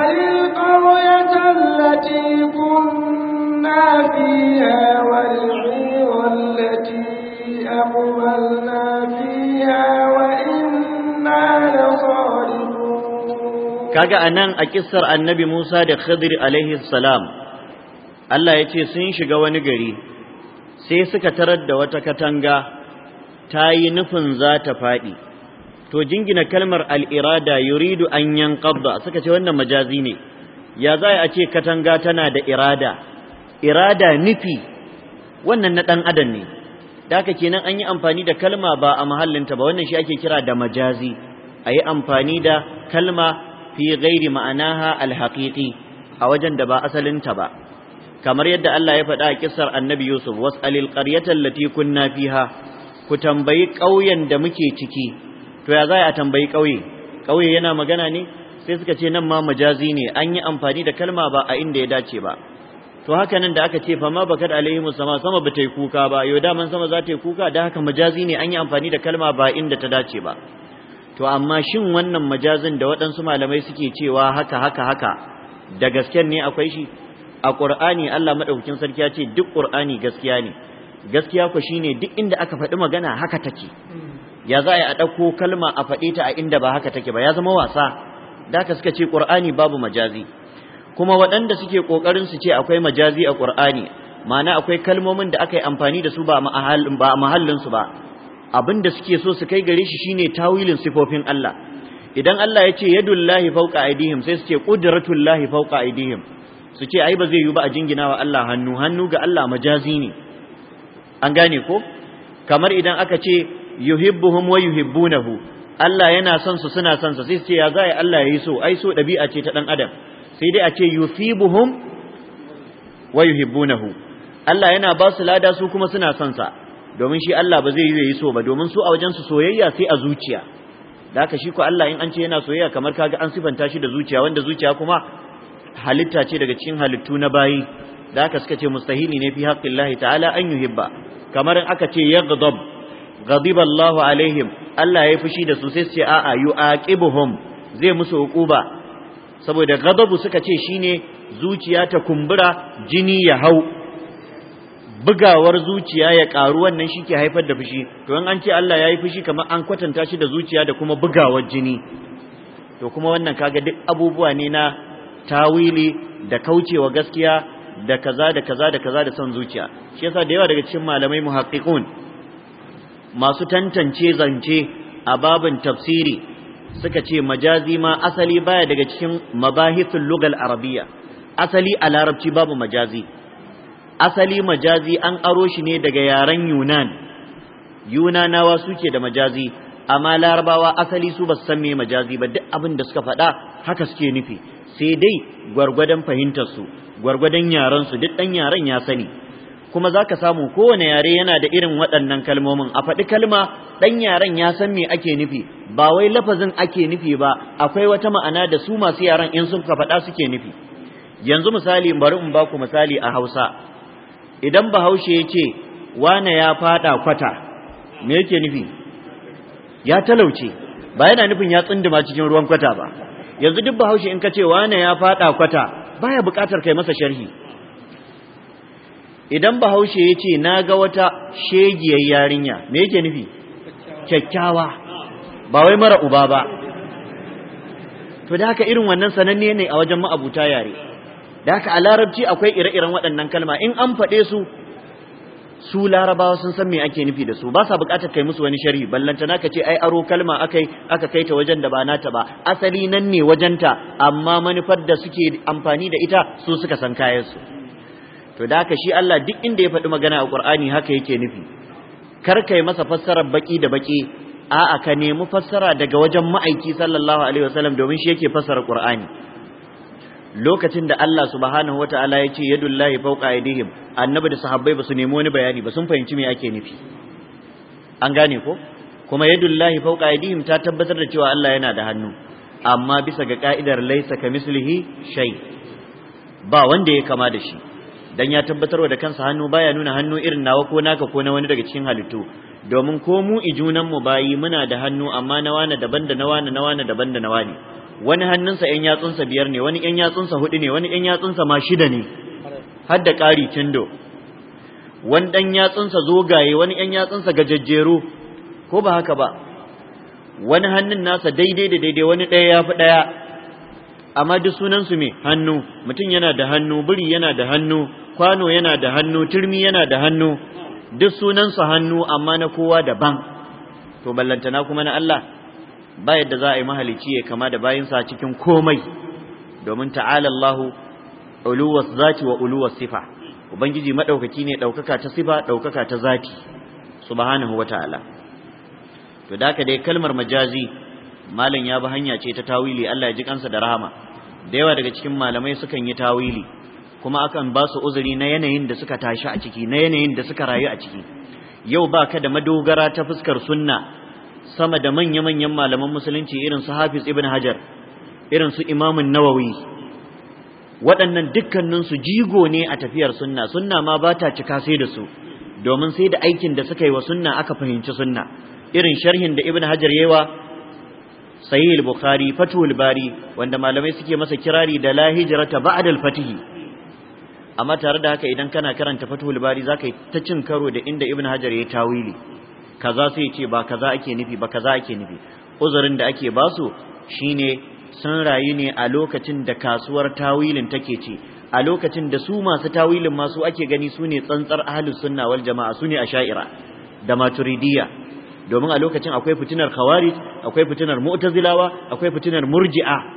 kaga anan a kissar annabi Musa da Khidir alaihi salam Allah ya ce sun shiga wani gari sai suka tarar da wata katanga ta yi nufin za ta faɗi to jingina kalmar al'irada yuridu an yanqadda suka ce wannan majazi ne ya za a ce katanga tana da irada irada nufi wannan na ɗan adam ne da haka kenan an yi amfani da kalma ba a mahallinta ba wannan shi ake kira da majazi a yi amfani da kalma fi gairi ma'anaha alhaƙiƙi a wajen da ba asalinta ba kamar yadda Allah ya faɗa a kissar annabi Yusuf was'alil qaryata lati kunna fiha ku tambayi ƙauyen da muke ciki to ya za a tambayi ƙauye ƙauye yana magana ne sai suka ce nan ma majazi ne an yi amfani da kalma ba a inda ya dace ba to haka nan da aka ce fama bakat alaihimu sama sama ba ta yi kuka ba yau daman sama za ta yi kuka da haka majazi ne an yi amfani da kalma ba inda ta dace ba to amma shin wannan majazin da waɗansu malamai suke cewa haka haka haka da gasken ne akwai shi a ƙur'ani Allah maɗaukakin sarki ya ce duk ƙur'ani gaskiya ne gaskiya ku ne duk inda aka faɗi magana haka take ya za a yi a ɗauko kalma a faɗe ta a inda ba haka take ba ya zama wasa da aka suka ce qur'ani babu majazi kuma waɗanda suke ƙoƙarin su ce akwai majazi a qur'ani ma'ana akwai kalmomin da aka yi amfani da su ba a mahallin ba abin da suke so su kai gare shi shine tawilin sifofin Allah idan Allah ya ce yadullahi fawqa aydihim sai su ce qudratullahi fawqa aydihim su ce ai ba zai yi ba a jingina wa Allah hannu hannu ga Allah majazi ne an gane ko kamar idan aka ce yuhibbuhum wa yuhibbunahu Allah yana son su suna son su sai su ce ya zai Allah yayi so ai so dabi'a ce ta dan adam sai dai a ce yufibuhum wa yuhibbunahu Allah yana ba su lada su kuma suna son sa domin shi Allah ba zai yi yayi so ba domin su a wajen su soyayya sai a zuciya da haka shi ko Allah in an ce yana soyayya kamar kaga an sifanta shi da zuciya wanda zuciya kuma halitta ce daga cikin halittu na bayi da haka suka ce mustahili ne fi haqqillahi ta'ala an yuhibba kamar in aka ce yaghdab غضب الله alaihim Allah ya fushi da su sai su ce a yu'aqibuhum zai musu hukuba saboda gadabu suka ce shine zuciya ta kumbura jini ya hau bugawar zuciya ya karu wannan shi ke haifar da fushi to in an ce Allah ya yi fushi kamar an kwatanta shi da zuciya da kuma bugawar jini to kuma wannan kaga duk abubuwa ne na tawili da kaucewa gaskiya da kaza da kaza da kaza da son zuciya shi yasa da yawa daga cikin malamai muhaqqiqun masu tantance zance a babin tafsiri suka ce majazi ma asali baya daga cikin mabahisul lugal arabiya asali a larabci babu majazi asali majazi an aro shi ne daga yaren yunan yunanawa suke da majazi amma larabawa asali su basu san me majazi ba duk abin da suka faɗa haka suke nufi sai dai gwargwadon fahimtar su gwargwadon yaran su duk ɗan yaren ya sani kuma za ka samu kowane yare yana da irin waɗannan kalmomin a faɗi kalma ɗan yaren ya san me ake nufi ba wai lafazin ake nufi ba akwai wata ma'ana da su masu yaren in sun faɗa suke nufi yanzu misali bari in baku misali a hausa idan bahaushe ya ce wane ya faɗa kwata me yake nufi ya talauce ba yana nufin ya tsunduma cikin ruwan kwata ba yanzu duk bahaushe in ka ce wane ya faɗa kwata baya buƙatar kai masa sharhi idan bahaushe ya ce na ga wata shegiyar yarinya me yake nufi kyakkyawa ba wai mara uba ba to da haka irin wannan sananne ne a wajen ma'abuta yare da haka a larabci akwai ire-iren waɗannan kalma in an faɗe su su larabawa sun san me ake nufi da su ba sa buƙatar kai musu wani sharhi ballanta ka ce ai aro kalma akai aka kai ta wajen da ba nata ba asali nan ne wajenta amma manufar da suke amfani da ita su suka san kayan su to da haka shi Allah duk inda ya faɗi magana a Qur'ani haka yake nufi kar kai masa fassarar baki da baki a'a ka nemi fassara daga wajen ma'aiki sallallahu alaihi wasallam domin shi yake fassara Qur'ani lokacin da Allah subhanahu wata'ala ya ce lahi fawqa aidihim annabi da sahabbai ba su nemi wani bayani ba sun fahimci me ake nufi an gane ko kuma lahi fawqa aidihim ta tabbatar da cewa Allah yana da hannu amma bisa ga ka'idar laysa kamislihi shay ba wanda ya kama da shi dan ya tabbatarwa da kansa hannu baya nuna hannu irin nawa ko naka ko na wani daga cikin halittu domin ko mu ijunan mu bayi muna da hannu amma na wani daban da na wani na wani daban da na wani wani hannunsa yan yatsunsa biyar ne wani yan yatsunsa hudu ne wani yan yatsunsa ma shida ne har da ƙari tindo wani ɗan yatsunsa zogaye wani ɗan yatsunsa gajajjeru ko ba haka ba wani hannun nasa daidai da daidai wani ɗaya ya fi ɗaya amma duk sunansu me hannu mutum yana da hannu biri yana da hannu kwano yana da hannu turmi yana da hannu duk sunansu hannu amma na kowa daban to ballantana kuma na Allah ba yadda za a yi mahalicci ya kama da bayansa cikin komai domin ta'ala Allahu uluwas zati wa uluwas sifa ubangiji madaukaki ne daukaka ta sifa daukaka ta zati subhanahu ta'ala to da dai kalmar majazi malam ya bi hanya ce ta tawili Allah ya ji kansa da rahama da yawa daga cikin malamai sukan yi tawili kuma akan ba su uzuri na yanayin da suka tashi a ciki na yanayin da suka rayu a ciki yau ba ka da madogara ta fuskar sunna sama da manya-manyan malaman musulunci irin su hafiz ibn hajar irin su imamun nawawi waɗannan dukkaninsu jigo ne a tafiyar sunna sunna ma ba ta cika sai da su domin sai da aikin da suka yi wa sunna aka fahimci sunna irin sharhin da ibn hajar yawa sahih al-bukhari fathul bari wanda malamai suke masa kirari da la hijrata ba'da al-fatih amma tare da haka idan kana karanta fathul bari zaka yi ta cin karo da inda ibn hajar ya tawili kaza sai ce ba kaza ake nufi ba kaza ake nufi uzurin da ake ba su shine sun rayu ne a lokacin da kasuwar tawilin take ce, a lokacin da su masu tawilin masu ake gani su ne tsantsar ahlus sunna wal jama'a su ne asha'ira da maturidiyya domin a lokacin akwai fitinar khawarij akwai fitinar mu'tazilawa akwai fitinar murji'a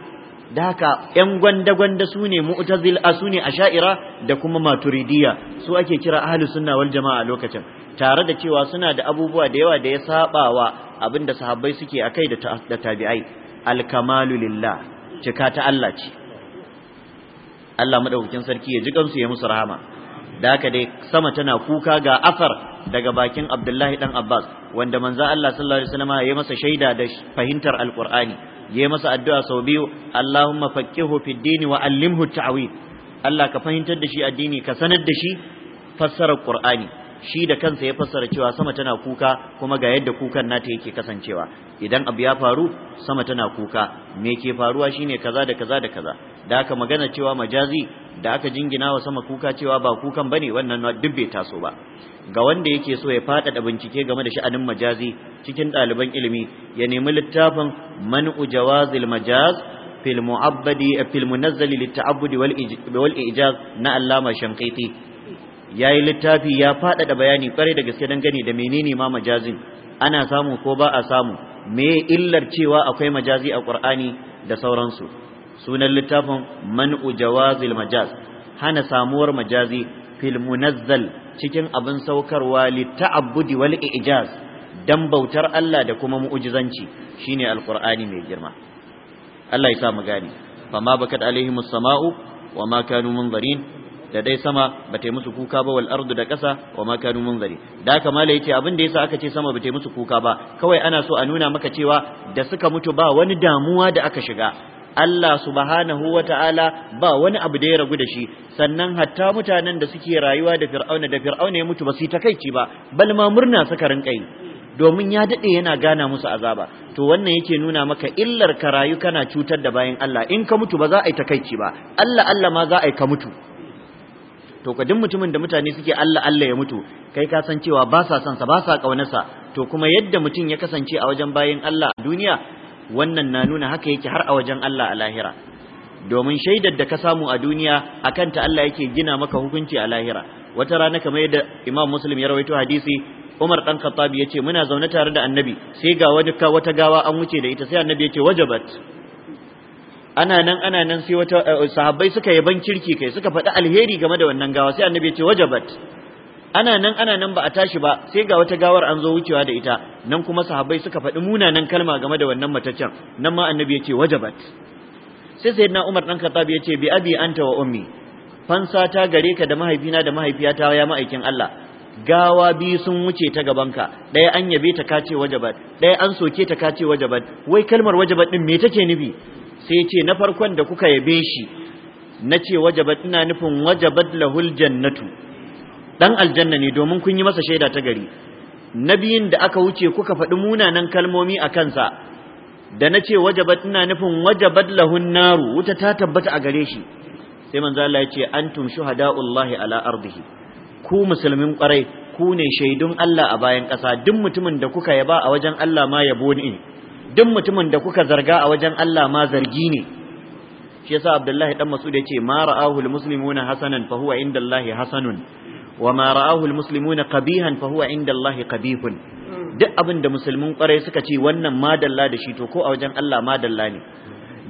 da haka ‘yan gwanda-gwanda su ne mu'tazila su ne sha'ira da kuma maturidiya su ake kira ahli sunna wal jama'a lokacin tare da cewa suna da abubuwa da yawa da ya saba wa abin da sahabbai suke a kai da tabi'ai alkamalu lilla, cika ta Allah ce Allah maɗaukakin sarki ya ji kansu ya musu rahama da haka dai sama tana kuka ga afar daga bakin Abdullahi dan Abbas wanda manzo Allah sallallahu alaihi wasallam ya masa shaida da fahimtar alqur'ani ya masa addu'a sau biyu Allahumma faqihu fid dini wa allimhu ta'wil Allah ka fahimtar da shi addini ka sanar da shi fassara qur'ani shi da kansa ya fassara cewa sama tana kuka kuma ga yadda kukan nata yake kasancewa idan abu ya faru sama tana kuka me ke faruwa shine kaza da kaza da kaza da aka magana cewa majazi da aka jingina wa sama kuka cewa ba kukan bane wannan duk bai taso ba ga wanda yake so ya faɗaɗa bincike game da sha'anin majazi cikin ɗaliban ilimi ya nemi littafin man'u jawazil majaz fil mu'abbadi fil munazzali lit'abudi wal ijaz na Allama shankaiti yayi littafi ya faɗaɗa bayani kwarai da gaske dan gani da menene ma majazin ana samu ko ba a samu me illar cewa akwai majazi a Qur'ani da sauransu sunan littafin man'u jawazil majaz hana samuwar majazi fil munazzal cikin abin saukarwa litta'abbudi wal ijaz dan bautar Allah da kuma mu'ujizanci shine alqur'ani mai girma Allah ya sa mu gane fama bakat alaihimus sama'u wama kanu munzarin da dai sama ba ta musu kuka ba wal ardu da ƙasa wa ma kanu munzari da haka mala yace abin da yasa aka ce sama ba ta musu kuka ba kawai ana so a nuna maka cewa da suka mutu ba wani damuwa da aka shiga Allah subhanahu wa ta'ala ba wani abu da ya ragu da shi sannan hatta mutanen da suke rayuwa da fir'auna da fir'auna ya mutu ba su takaici ba bal ma murna suka rinkai domin ya daɗe yana gana musu azaba to wannan yake nuna maka illar ka rayu kana cutar da bayan Allah in ka mutu ba za a yi takaici ba Allah Allah ma za a yi ka mutu to ka mutumin da mutane suke Allah Allah ya mutu kai ka san cewa ba sa son sa ba sa kaunarsa to kuma yadda mutum ya kasance a wajen bayan Allah a duniya wannan na nuna haka yake har a wajen Allah a lahira domin shaidar da ka samu a duniya akan ta Allah yake gina maka hukunci a lahira wata rana kamar yadda Imam Muslim ya rawaito hadisi Umar dan Khattab ya ce muna zaune tare da Annabi sai ga wani wata gawa an wuce da ita sai Annabi ya ce wajabat ana nan ana nan sai wata eh, sahabbai suka yaban kirki kai suka faɗi alheri game da wannan gawa sai Annabi ya ce wajabat ana nan ana nan ba a tashi ba sai ga wata gawar an zo wucewa da ita nan kuma sahabbai suka faɗi munanan kalma game da wannan mataccen nan ma annabi ya ce wajabat sai sayyidina Umar dan Khattab ya ce bi abi anta wa ummi fansa ta gare ka da mahaifina da mahaifiyata ya ma'aikin Allah gawa biyu sun wuce ta gabanka ɗaya an yabe ta kace wajabat ɗaya an soke ta kace wajabat wai kalmar wajabat din me take nufi sai ce na farkon da kuka yabe shi na ce wajabat ina nufin wajabat lahul jannatu dan aljanna ne domin kun yi masa shaida ta gari nabiyin da aka wuce kuka faɗi munanan kalmomi a kansa da na ce wajabat ina nufin wajabat lahun naru wuta ta tabbata a gare shi sai manzo Allah ya ce antum shuhada'ullahi ala ardihi ku musulmin kwarai ku ne shaidun Allah a bayan ƙasa duk mutumin da kuka yaba a wajen Allah ma yabo ne duk mutumin da kuka zarga a wajen Allah ma zargi ne shi yasa Abdullahi dan Mas'ud ya ce ma ra'ahu almuslimuna hasanan fa huwa indallahi hasanun wa ma ra'ahu almuslimuna qabihan fa huwa inda Allah qabihun duk abin da musulmin kwarai suka ce wannan madalla da shi to ko a wajen Allah madalla ne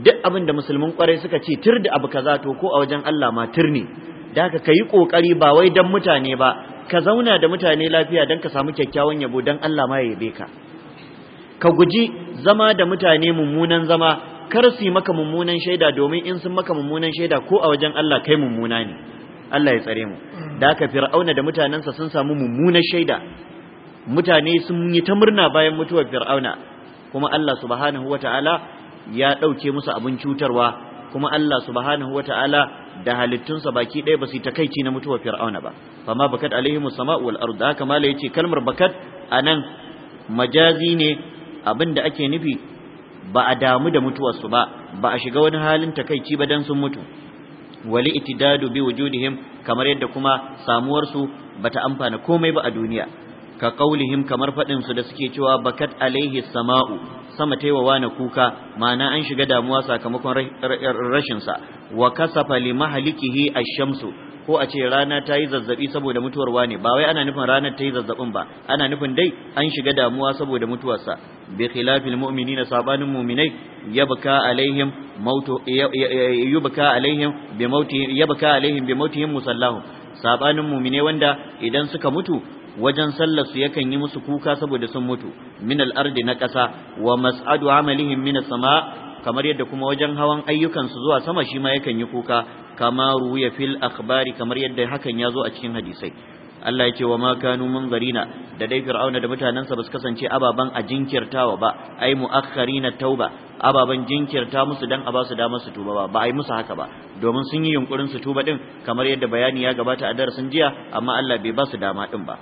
duk abin da musulmin kwarai suka ce tir da abu kaza to ko a wajen Allah ma tir ne da haka yi kokari ba wai dan mutane ba ka zauna da mutane lafiya dan ka samu kyakkyawan yabo dan Allah ma ya yabe ka ka guji zama da mutane mummunan zama kar su maka mummunan shaida domin in sun maka mummunan shaida ko a wajen Allah kai mummuna ne Allah ya tsare mu da haka fir'auna da mutanensa sun samu mummunar shaida mutane sun yi ta murna bayan mutuwar fir'auna kuma Allah subhanahu wata'ala ya ɗauke musu abin cutarwa kuma Allah subhanahu wata'ala da halittunsa baki ɗaya ba su yi takaici na mutuwar fir'auna ba fama bakat alaihim sama'u wal ard haka mala yace kalmar bakat anan majazi ne abin da ake nufi ba a damu da mutuwarsu ba ba a shiga wani halin takaici ba dan sun mutu wali itidadu bi wujudihim kamar yadda kuma samuwar su bata amfana komai ba a duniya ka qaulihim kamar fadin su da suke cewa bakat alaihi sama'u sama taiwa wani kuka ma'ana an shiga damuwa sakamakon rashin sa wa kasafa li mahalikihi ash-shamsu ko a ce rana ta yi zazzabi saboda mutuwar wane ba wai ana nufin ranar ta yi zazzabin ba ana nufin dai an shiga damuwa saboda mutuwarsa bi khilafil mu'minina sabanin mu'minai yabka alaihim mautu yubka alaihim bi mauti yabka alaihim bi mautihim musallahu sabanin wanda idan suka mutu wajen sallar su yakan yi musu kuka saboda sun mutu min al-ardi na ƙasa wa mas'adu amalihim min as-sama' kamar yadda kuma wajen hawan ayyukansu zuwa sama shi ma yakan yi kuka kama ruya fil akhbari kamar yadda hakan ya zo a cikin hadisai Allah ya ce wa ma kanu munzarina da dai fir'auna da mutanensa ba su kasance ababan a jinkirtawa ba ai mu'akhkharina tauba ababan jinkirta musu dan a ba su damar su tuba ba ba ai musu haka ba domin sun yi yunkurin su tuba din kamar yadda bayani ya gabata a darasin jiya amma Allah bai ba su dama din ba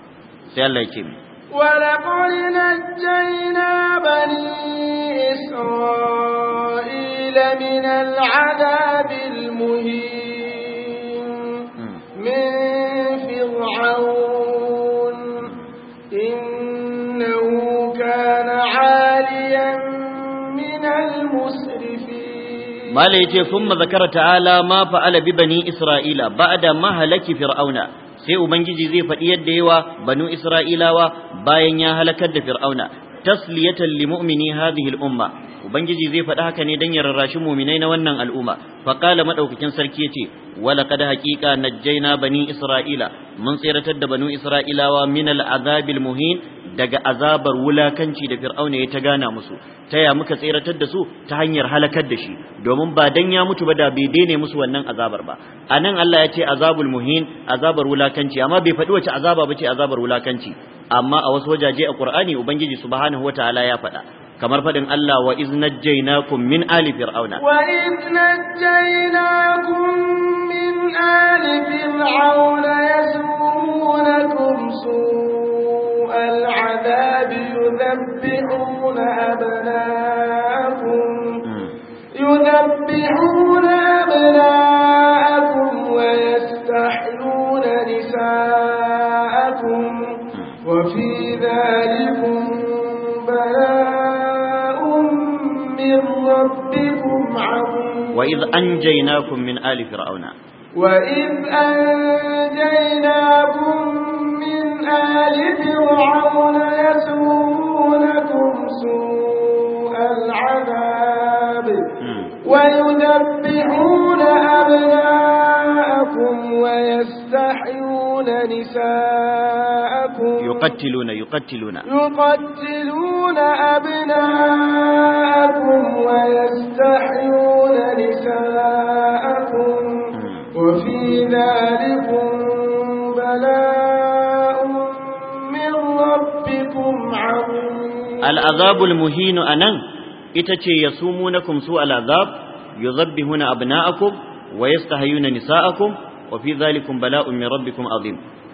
sai Allah ya ce ولقد نجينا بني إسرائيل من العذاب المهين من فرعون إنه كان عاليا من المسرفين ما ثم ذكر تعالى ما فعل ببني إسرائيل بعد ما هلك فرعون sai ubangiji zai faɗi yadda yawa banu isra'ilawa bayan ya halakar da fir'auna tasliyatan li mu'mini hadhihi al-umma ubangiji zai faɗi haka ne dan ya rarrashi mu'minai na wannan al'umma fa qala madaukakin sarki yace wa laqad haqiqa najjayna bani isra'ila mun tsiratar da banu isra'ilawa min al muhin daga azabar wulakanci da fir'auna ya ta gana musu taya muka tsiratar da su ta hanyar halakar da shi domin ba dan ya mutu ba da bai daine musu wannan azabar ba anan Allah ya ce azabul muhin azabar wulakanci amma bai faɗi wace azaba ba ce azabar wulakanci amma a wasu wajaje a Qur'ani ubangiji subhanahu wataala ya faɗa kamar faɗin Allah wa iz najjaynakum min ali fir'auna wa iz najjaynakum min ali fir'auna yasumunakum su'al adabi yudhabbihuna abnaakum hmm. yudhabbihuna abnaakum wa وإذ أنجيناكم من آل فرعون وإذ أنجيناكم من آل فرعون يسومونكم سوء العذاب ويذبحون أبناءكم ويستحيون نساءكم يقتلون يقتلون يقتلون يقتلون أبناءكم ويستحيون نساءكم وفي itace ya sumu na kumsu al’azab ya zabbi huna abu na wa ya suka nisa akub wa fi zalikun bala’un mai rabbi kuma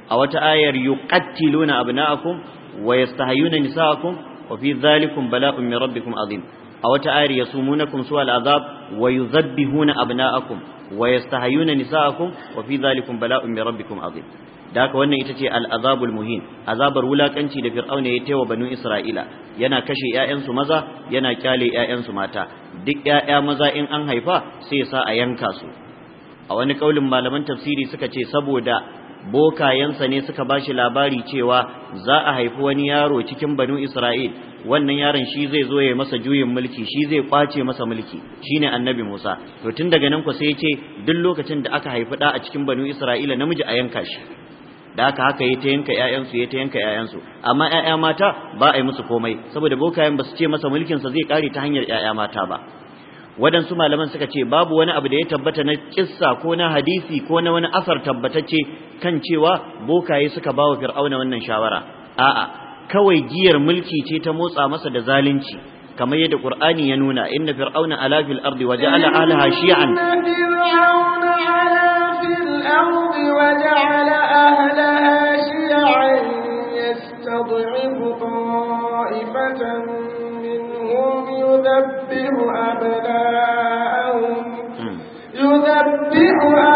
a wata ayar yi ƙattilo na abu wa ya suka nisa akub wa fi zalikum bala'un min rabbikum azim a wata ayar yasumunakum su al'azab wa yuzabbihuna abna'akum wa yastahayuna nisa'akum wa fi zalikum bala'un min rabbikum azim da haka wannan ita ce al'azabul muhin azabar wulakanci da fir'auna ya taiwa banin isra'ila yana kashe 'ya'yansu maza yana kyale 'ya'yansu mata duk 'ya'ya maza in an haifa sai ya sa a yanka su a wani kaulin malaman tafsiri suka ce saboda bokayensa ne suka bashi labari cewa za a haifi wani yaro cikin banu Isra'il wannan yaron shi zai zo ya masa juyin mulki shi zai kwace masa mulki shine annabi Musa to tun daga nan ku sai ya ce duk lokacin da aka haifi da a cikin banu Isra'ila namiji a yanka shi da aka haka ya ta yanka ‘ya'yansu ya ta yanka ‘ya'yansu amma ‘ya'ya mata ba a yi musu komai saboda bokayen ba su ce masa mulkinsa zai kare ta hanyar ‘ya'ya mata ba waɗansu malaman suka ce babu wani abu da ya tabbata na kissa ko na hadisi ko na wani asar tabbatacce kan cewa bokaye suka ba wa fir'auna wannan shawara a'a kawai giyar mulki ce ta motsa masa da zalunci kamar yadda qur'ani ya nuna inna fir'auna ala fil ardi wa ja'ala alaha shi'an يستضعف طائفة يذبح أبناءهم يذبح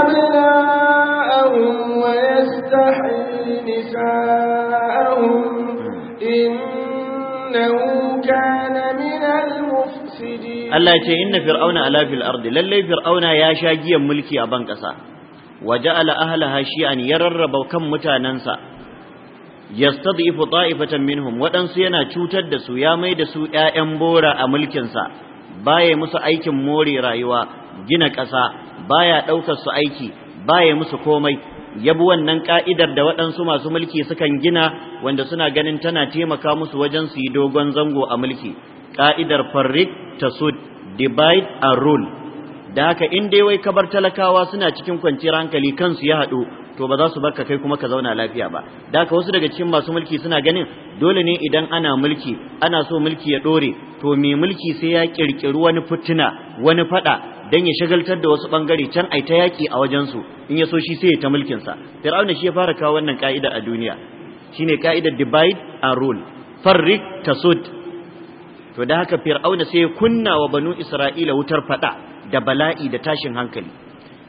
أبناءهم ويستحيي نساءهم إنه كان من المفسدين الله يتي إن فرعون ألا في الأرض للي فرعون يا شاجيا ملكي أبان قصا وجعل أهلها شيئا يررب كم متاننسا yastadifu ta'ifatan minhum waɗansu yana cutar da su ya mai da su ƴaƴan bora a mulkinsa baya musu aikin more rayuwa gina ƙasa baya ɗaukar su aiki baya musu komai yabi wannan ka'idar da waɗansu masu mulki sukan gina wanda suna ganin tana taimaka musu wajen su yi dogon zango a mulki ka'idar farrik tasud divide and rule da haka in dai wai kabar talakawa suna cikin kwanciyar hankali kansu ya haɗu to ba za su barka kai kuma ka zauna lafiya ba da haka wasu daga cikin masu mulki suna ganin dole ne idan ana mulki ana so mulki ya dore to mai mulki sai ya kirkiri wani fitina wani fada dan ya shagaltar da wasu bangare can ai ta yaki a wajen su in ya so shi sai ya ta mulkin sa fir'auna shi ya fara kawo wannan ka'ida a duniya shine ka'idar divide and rule farrik tasud to da haka fir'auna sai ya kunna wa banu isra'ila wutar fada da bala'i da tashin hankali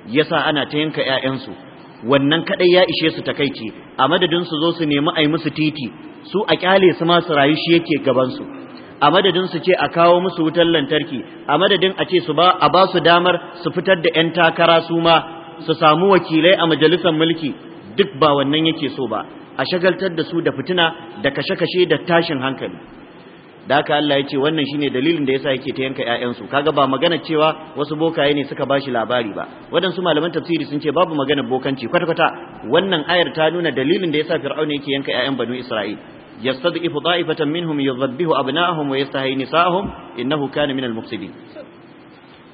yasa ana ta yanka 'ya'yansu wannan kadai ya ishe su takaici a madadin su zo su nemi ai musu titi su a kyale su ma su rayu shi yake gaban su a madadin su ce a kawo musu wutar lantarki a madadin a ce su ba a ba su damar su fitar da yan takara su ma su samu wakilai a majalisar mulki duk ba wannan yake so ba a shagaltar da su da fitina da kashe-kashe da tashin hankali da haka Allah ya ce wannan shine dalilin da yasa yake ta yanka ƴaƴansu kaga ba magana cewa wasu bokaye ne suka bashi labari ba waɗansu malaman tafsiri sun ce babu magana bokanci kwata kwata wannan ayar ta nuna dalilin da yasa fir'auna yake yanka ƴaƴan banu isra'il yastad'ifu da'ifatan minhum yudhabbihu abna'ahum wa yastahyi nisa'ahum innahu kana minal mufsidin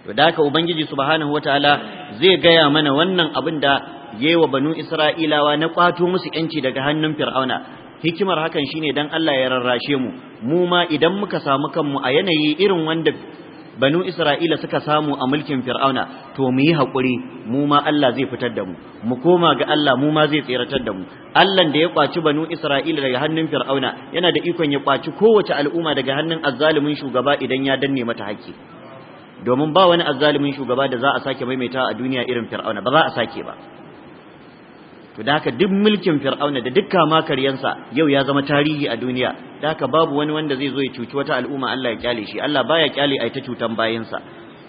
to da haka ubangiji subhanahu wataala zai gaya mana wannan abin da wa banu isra'ilawa na kwato musu yanci daga hannun fir'auna hikimar hakan shine dan Allah ya rarrashe mu mu ma idan muka samu kanmu a yanayi irin wanda banu Isra'ila suka samu a mulkin Fir'auna to mu yi haƙuri mu ma Allah zai fitar da mu mu koma ga Allah mu ma zai tseratar da mu Allah da ya kwaci banu Isra'ila daga hannun Fir'auna yana da ikon ya kwaci kowace al'umma daga hannun azzalumin shugaba idan ya danne mata haƙƙi domin ba wani azzalumin shugaba da za a sake maimaita a duniya irin Fir'auna ba za a sake ba to da haka duk mulkin fir'auna da duk kama karyansa yau ya zama tarihi a duniya da haka babu wani wanda zai zo ya cuci wata al'umma Allah ya kyale shi Allah baya kyale ai ta cutan bayansa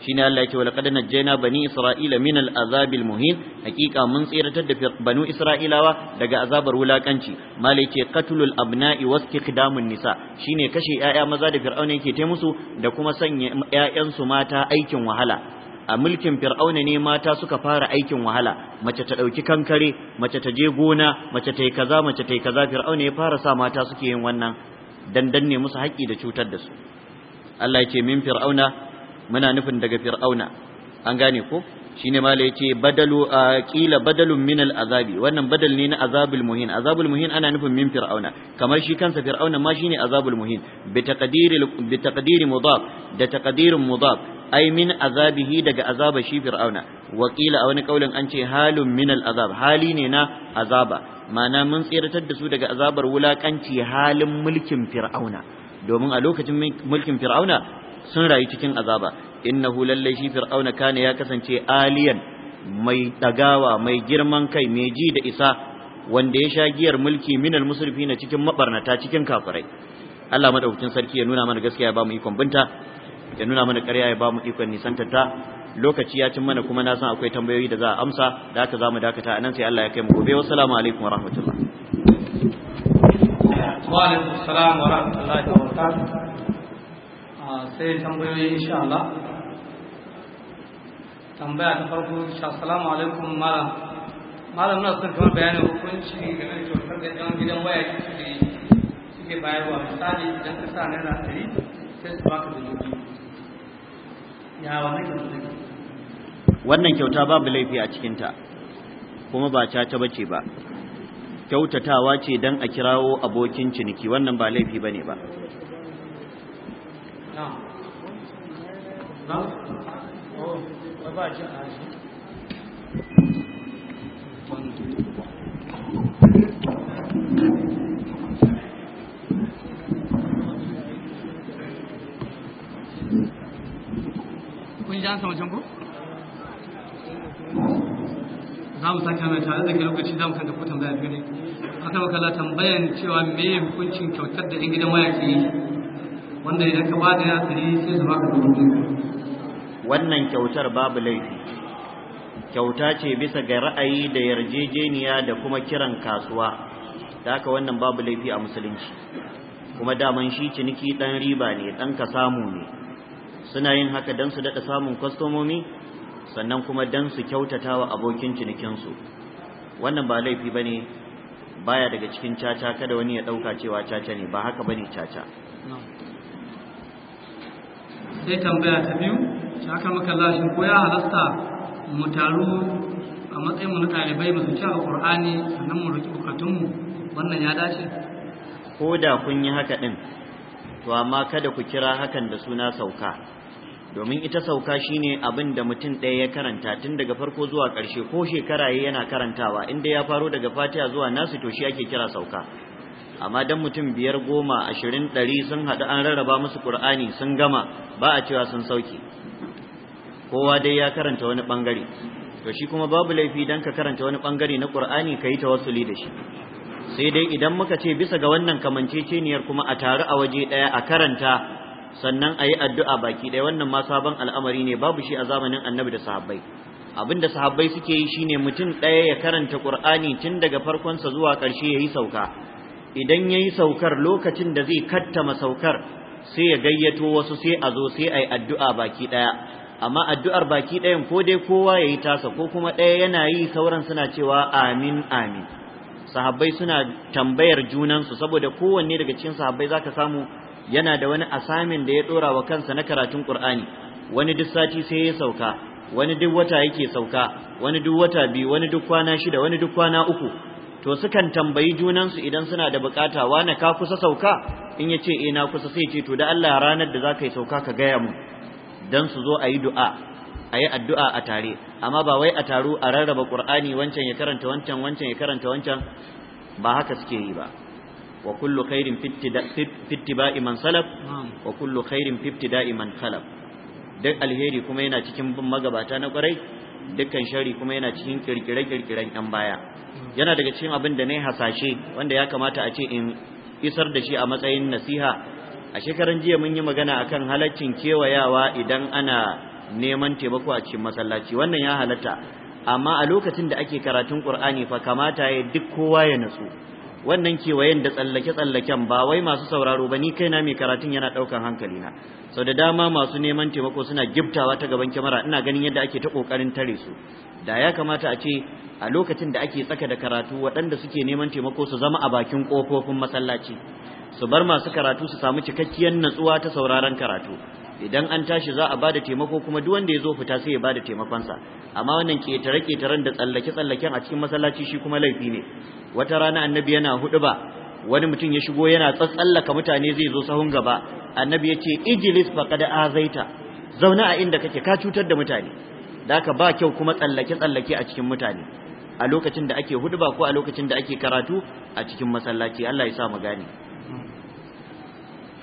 shine Allah yake wala qad najjayna bani isra'ila min al'azab muhin hakika mun tsiratar da banu isra'ilawa daga azabar wulakanci malike qatlul abna'i wastiqdamun nisa shine kashe yaya maza da fir'auna yake ta musu da kuma sanya yayan su mata aikin wahala a mulkin fir'auna ne mata suka fara aikin wahala mace ta ɗauki kankare mace ta je gona mace ta yi kaza mace ta yi kaza fir'auna ya fara sa mata suke yin wannan dan danne musu haƙƙi da cutar da su Allah ya ce min fir'auna muna nufin daga fir'auna an gane ko shine mala yace badalu qila badalun min azabi wannan badal ne na azabul muhin azabul muhin ana nufin min fir'auna kamar shi kansa fir'auna ma shine azabul muhin bi taqdiril bi taqdiri mudaf da taqdirin mudaf ai min azabihi daga azaba shi fir'auna wa qila a wani kaulin an ce halun min al azab hali ne na azaba ma'ana mun tseratar da su daga azabar wulakanci halin mulkin fir'auna domin a lokacin mulkin fir'auna sun rayu cikin azaba innahu lallai shi fir'auna kana ya kasance aliyan mai dagawa mai girman kai mai ji da isa wanda ya sha giyar mulki minal musulfi na cikin mabarnata cikin kafirai Allah madaukakin sarki ya nuna mana gaskiya ba mu ikon binta ya nuna mana ƙarya ya ba mu ikon nisantar ta lokaci ya cin mana kuma na san akwai tambayoyi da za a amsa da haka za mu dakata a nan sai Allah ya kai mu gobe wassalamu alaikum wa rahmatullah wa alaikum assalam wa rahmatullahi wa barakatuh ah, sai tambayoyi insha Allah tambaya ta farko assalamu alaikum malam malam na son kamar bayanin hukunci game da cutar da yan gidan waya suke suke bayarwa misali idan ka sa naira ɗari sai su baka da dubu wannan kyauta babu laifi a cikinta kuma ba caca bace ba kyautatawa ce dan a kirawo abokin ciniki wannan ba laifi bane ba oh, Thank you. kun ji an sama can ko za mu sake hana tare da ke lokaci za mu kanta ko tambaya biyu ne aka baka la tambayan cewa me hukuncin kyautar da yan gidan mayaki yi wanda idan ka bada ya tsari sai su baka dubu wannan kyautar babu laifi kyauta ce bisa ga ra'ayi da yarjejeniya da kuma kiran kasuwa da haka wannan babu laifi a musulunci kuma daman shi ciniki dan riba ne dan ka samu ne suna yin haka don su daɗa samun kwastomomi sannan kuma don su kyautata wa abokin cinikinsu wannan ba laifi ba ne baya daga cikin caca kada wani ya ɗauka cewa caca ne ba haka ba ne caca sai tambaya ta biyu haka maka lashin ko ya halasta mu taru a matsayin mu na ɗalibai mu zuci alƙur'ani sannan mu roƙi bukatunmu wannan ya dace ko da kun yi haka ɗin to amma kada ku kira hakan da suna sauka domin ita sauka shine abin da mutum ɗaya ya karanta tun daga farko zuwa ƙarshe ko shekara yana karantawa inda ya faro daga fatiha zuwa nasu to shi ake kira sauka amma dan mutum biyar goma ashirin ɗari sun haɗu an rarraba musu ƙur'ani sun gama ba a cewa sun sauke kowa dai ya karanta wani ɓangare to shi kuma babu laifi dan ka karanta wani ɓangare na ƙur'ani ka yi tawassuli da shi sai dai idan muka ce bisa ga wannan kamanceceniyar kuma a taru a waje ɗaya a karanta sannan a yi addu'a baki ɗaya wannan ma sabon al'amari ne babu shi a zamanin annabi da sahabbai abin da sahabbai suke yi shine mutum ɗaya ya karanta ƙur'ani tun daga farkonsa zuwa ƙarshe ya yi sauka idan ya yi saukar lokacin da zai kattama saukar sai ya gayyato wasu sai a zo sai a yi addu'a baki ɗaya amma addu'ar baki ɗayan ko dai kowa ya yi tasa ko kuma ɗaya yana yi sauran suna cewa amin amin sahabbai suna tambayar junansu saboda kowanne daga cikin sahabbai zaka samu yana da wani asamin da ya ɗora wa kansa na karatun Qur'ani wani duk sati sai ya sauka wani duk wata yake sauka wani duk wata biyu wani duk kwana shida wani duk kwana uku to sukan tambayi junansu idan suna da bukata wani ka kusa sauka in ya ce eh na kusa sai ce to da Allah ranar da zaka yi sauka ka gaya mu dan su zo a yi du'a a yi addu'a a tare amma ba wai a taru a rarraba ƙur'ani wancan ya karanta wancan wancan ya karanta wancan ba haka suke yi ba wa kullu khairin fittiba'i man salaf wa kullu khairin fittida'i iman khalaf duk alheri kuma yana cikin bin magabata na kwarai dukkan shari kuma yana cikin ƙirƙire-ƙirƙiren yan baya yana daga cikin abin da na hasashe wanda ya kamata a ce in isar da shi a matsayin nasiha a shekaran jiya mun yi magana akan halaccin kewayawa idan ana neman taimako a cikin masallaci wannan ya halatta amma a lokacin da ake karatun qur'ani fa kamata ya duk kowa ya natsu wannan kewayen da tsallake-tsallaken ba wai masu sauraro ba ni na mai karatun yana ɗaukan hankali na sau da dama masu neman taimako suna giftawa ta gaban kyamara ina ganin yadda ake ta kokarin tare su da ya kamata a ce a lokacin da ake tsaka da karatu waɗanda suke neman taimako su zama a bakin ƙofofin masallaci su bar masu karatu su samu cikakkiyar natsuwa ta sauraron karatu idan an tashi za a bada taimako kuma duk wanda ya zo fita sai ya bada taimakon sa amma wannan ketare ketaren da tsallake tsallaken a cikin masallaci shi kuma laifi ne wata rana annabi yana hudu wani mutum ya shigo yana tsatsallaka mutane zai zo sahun gaba annabi ya ce ijlis faqad azaita zauna a inda kake ka cutar da mutane da ka ba kyau kuma tsallake tsallake a cikin mutane a lokacin da ake hudu ba ko a lokacin da ake karatu a cikin masallaci Allah ya sa mu gane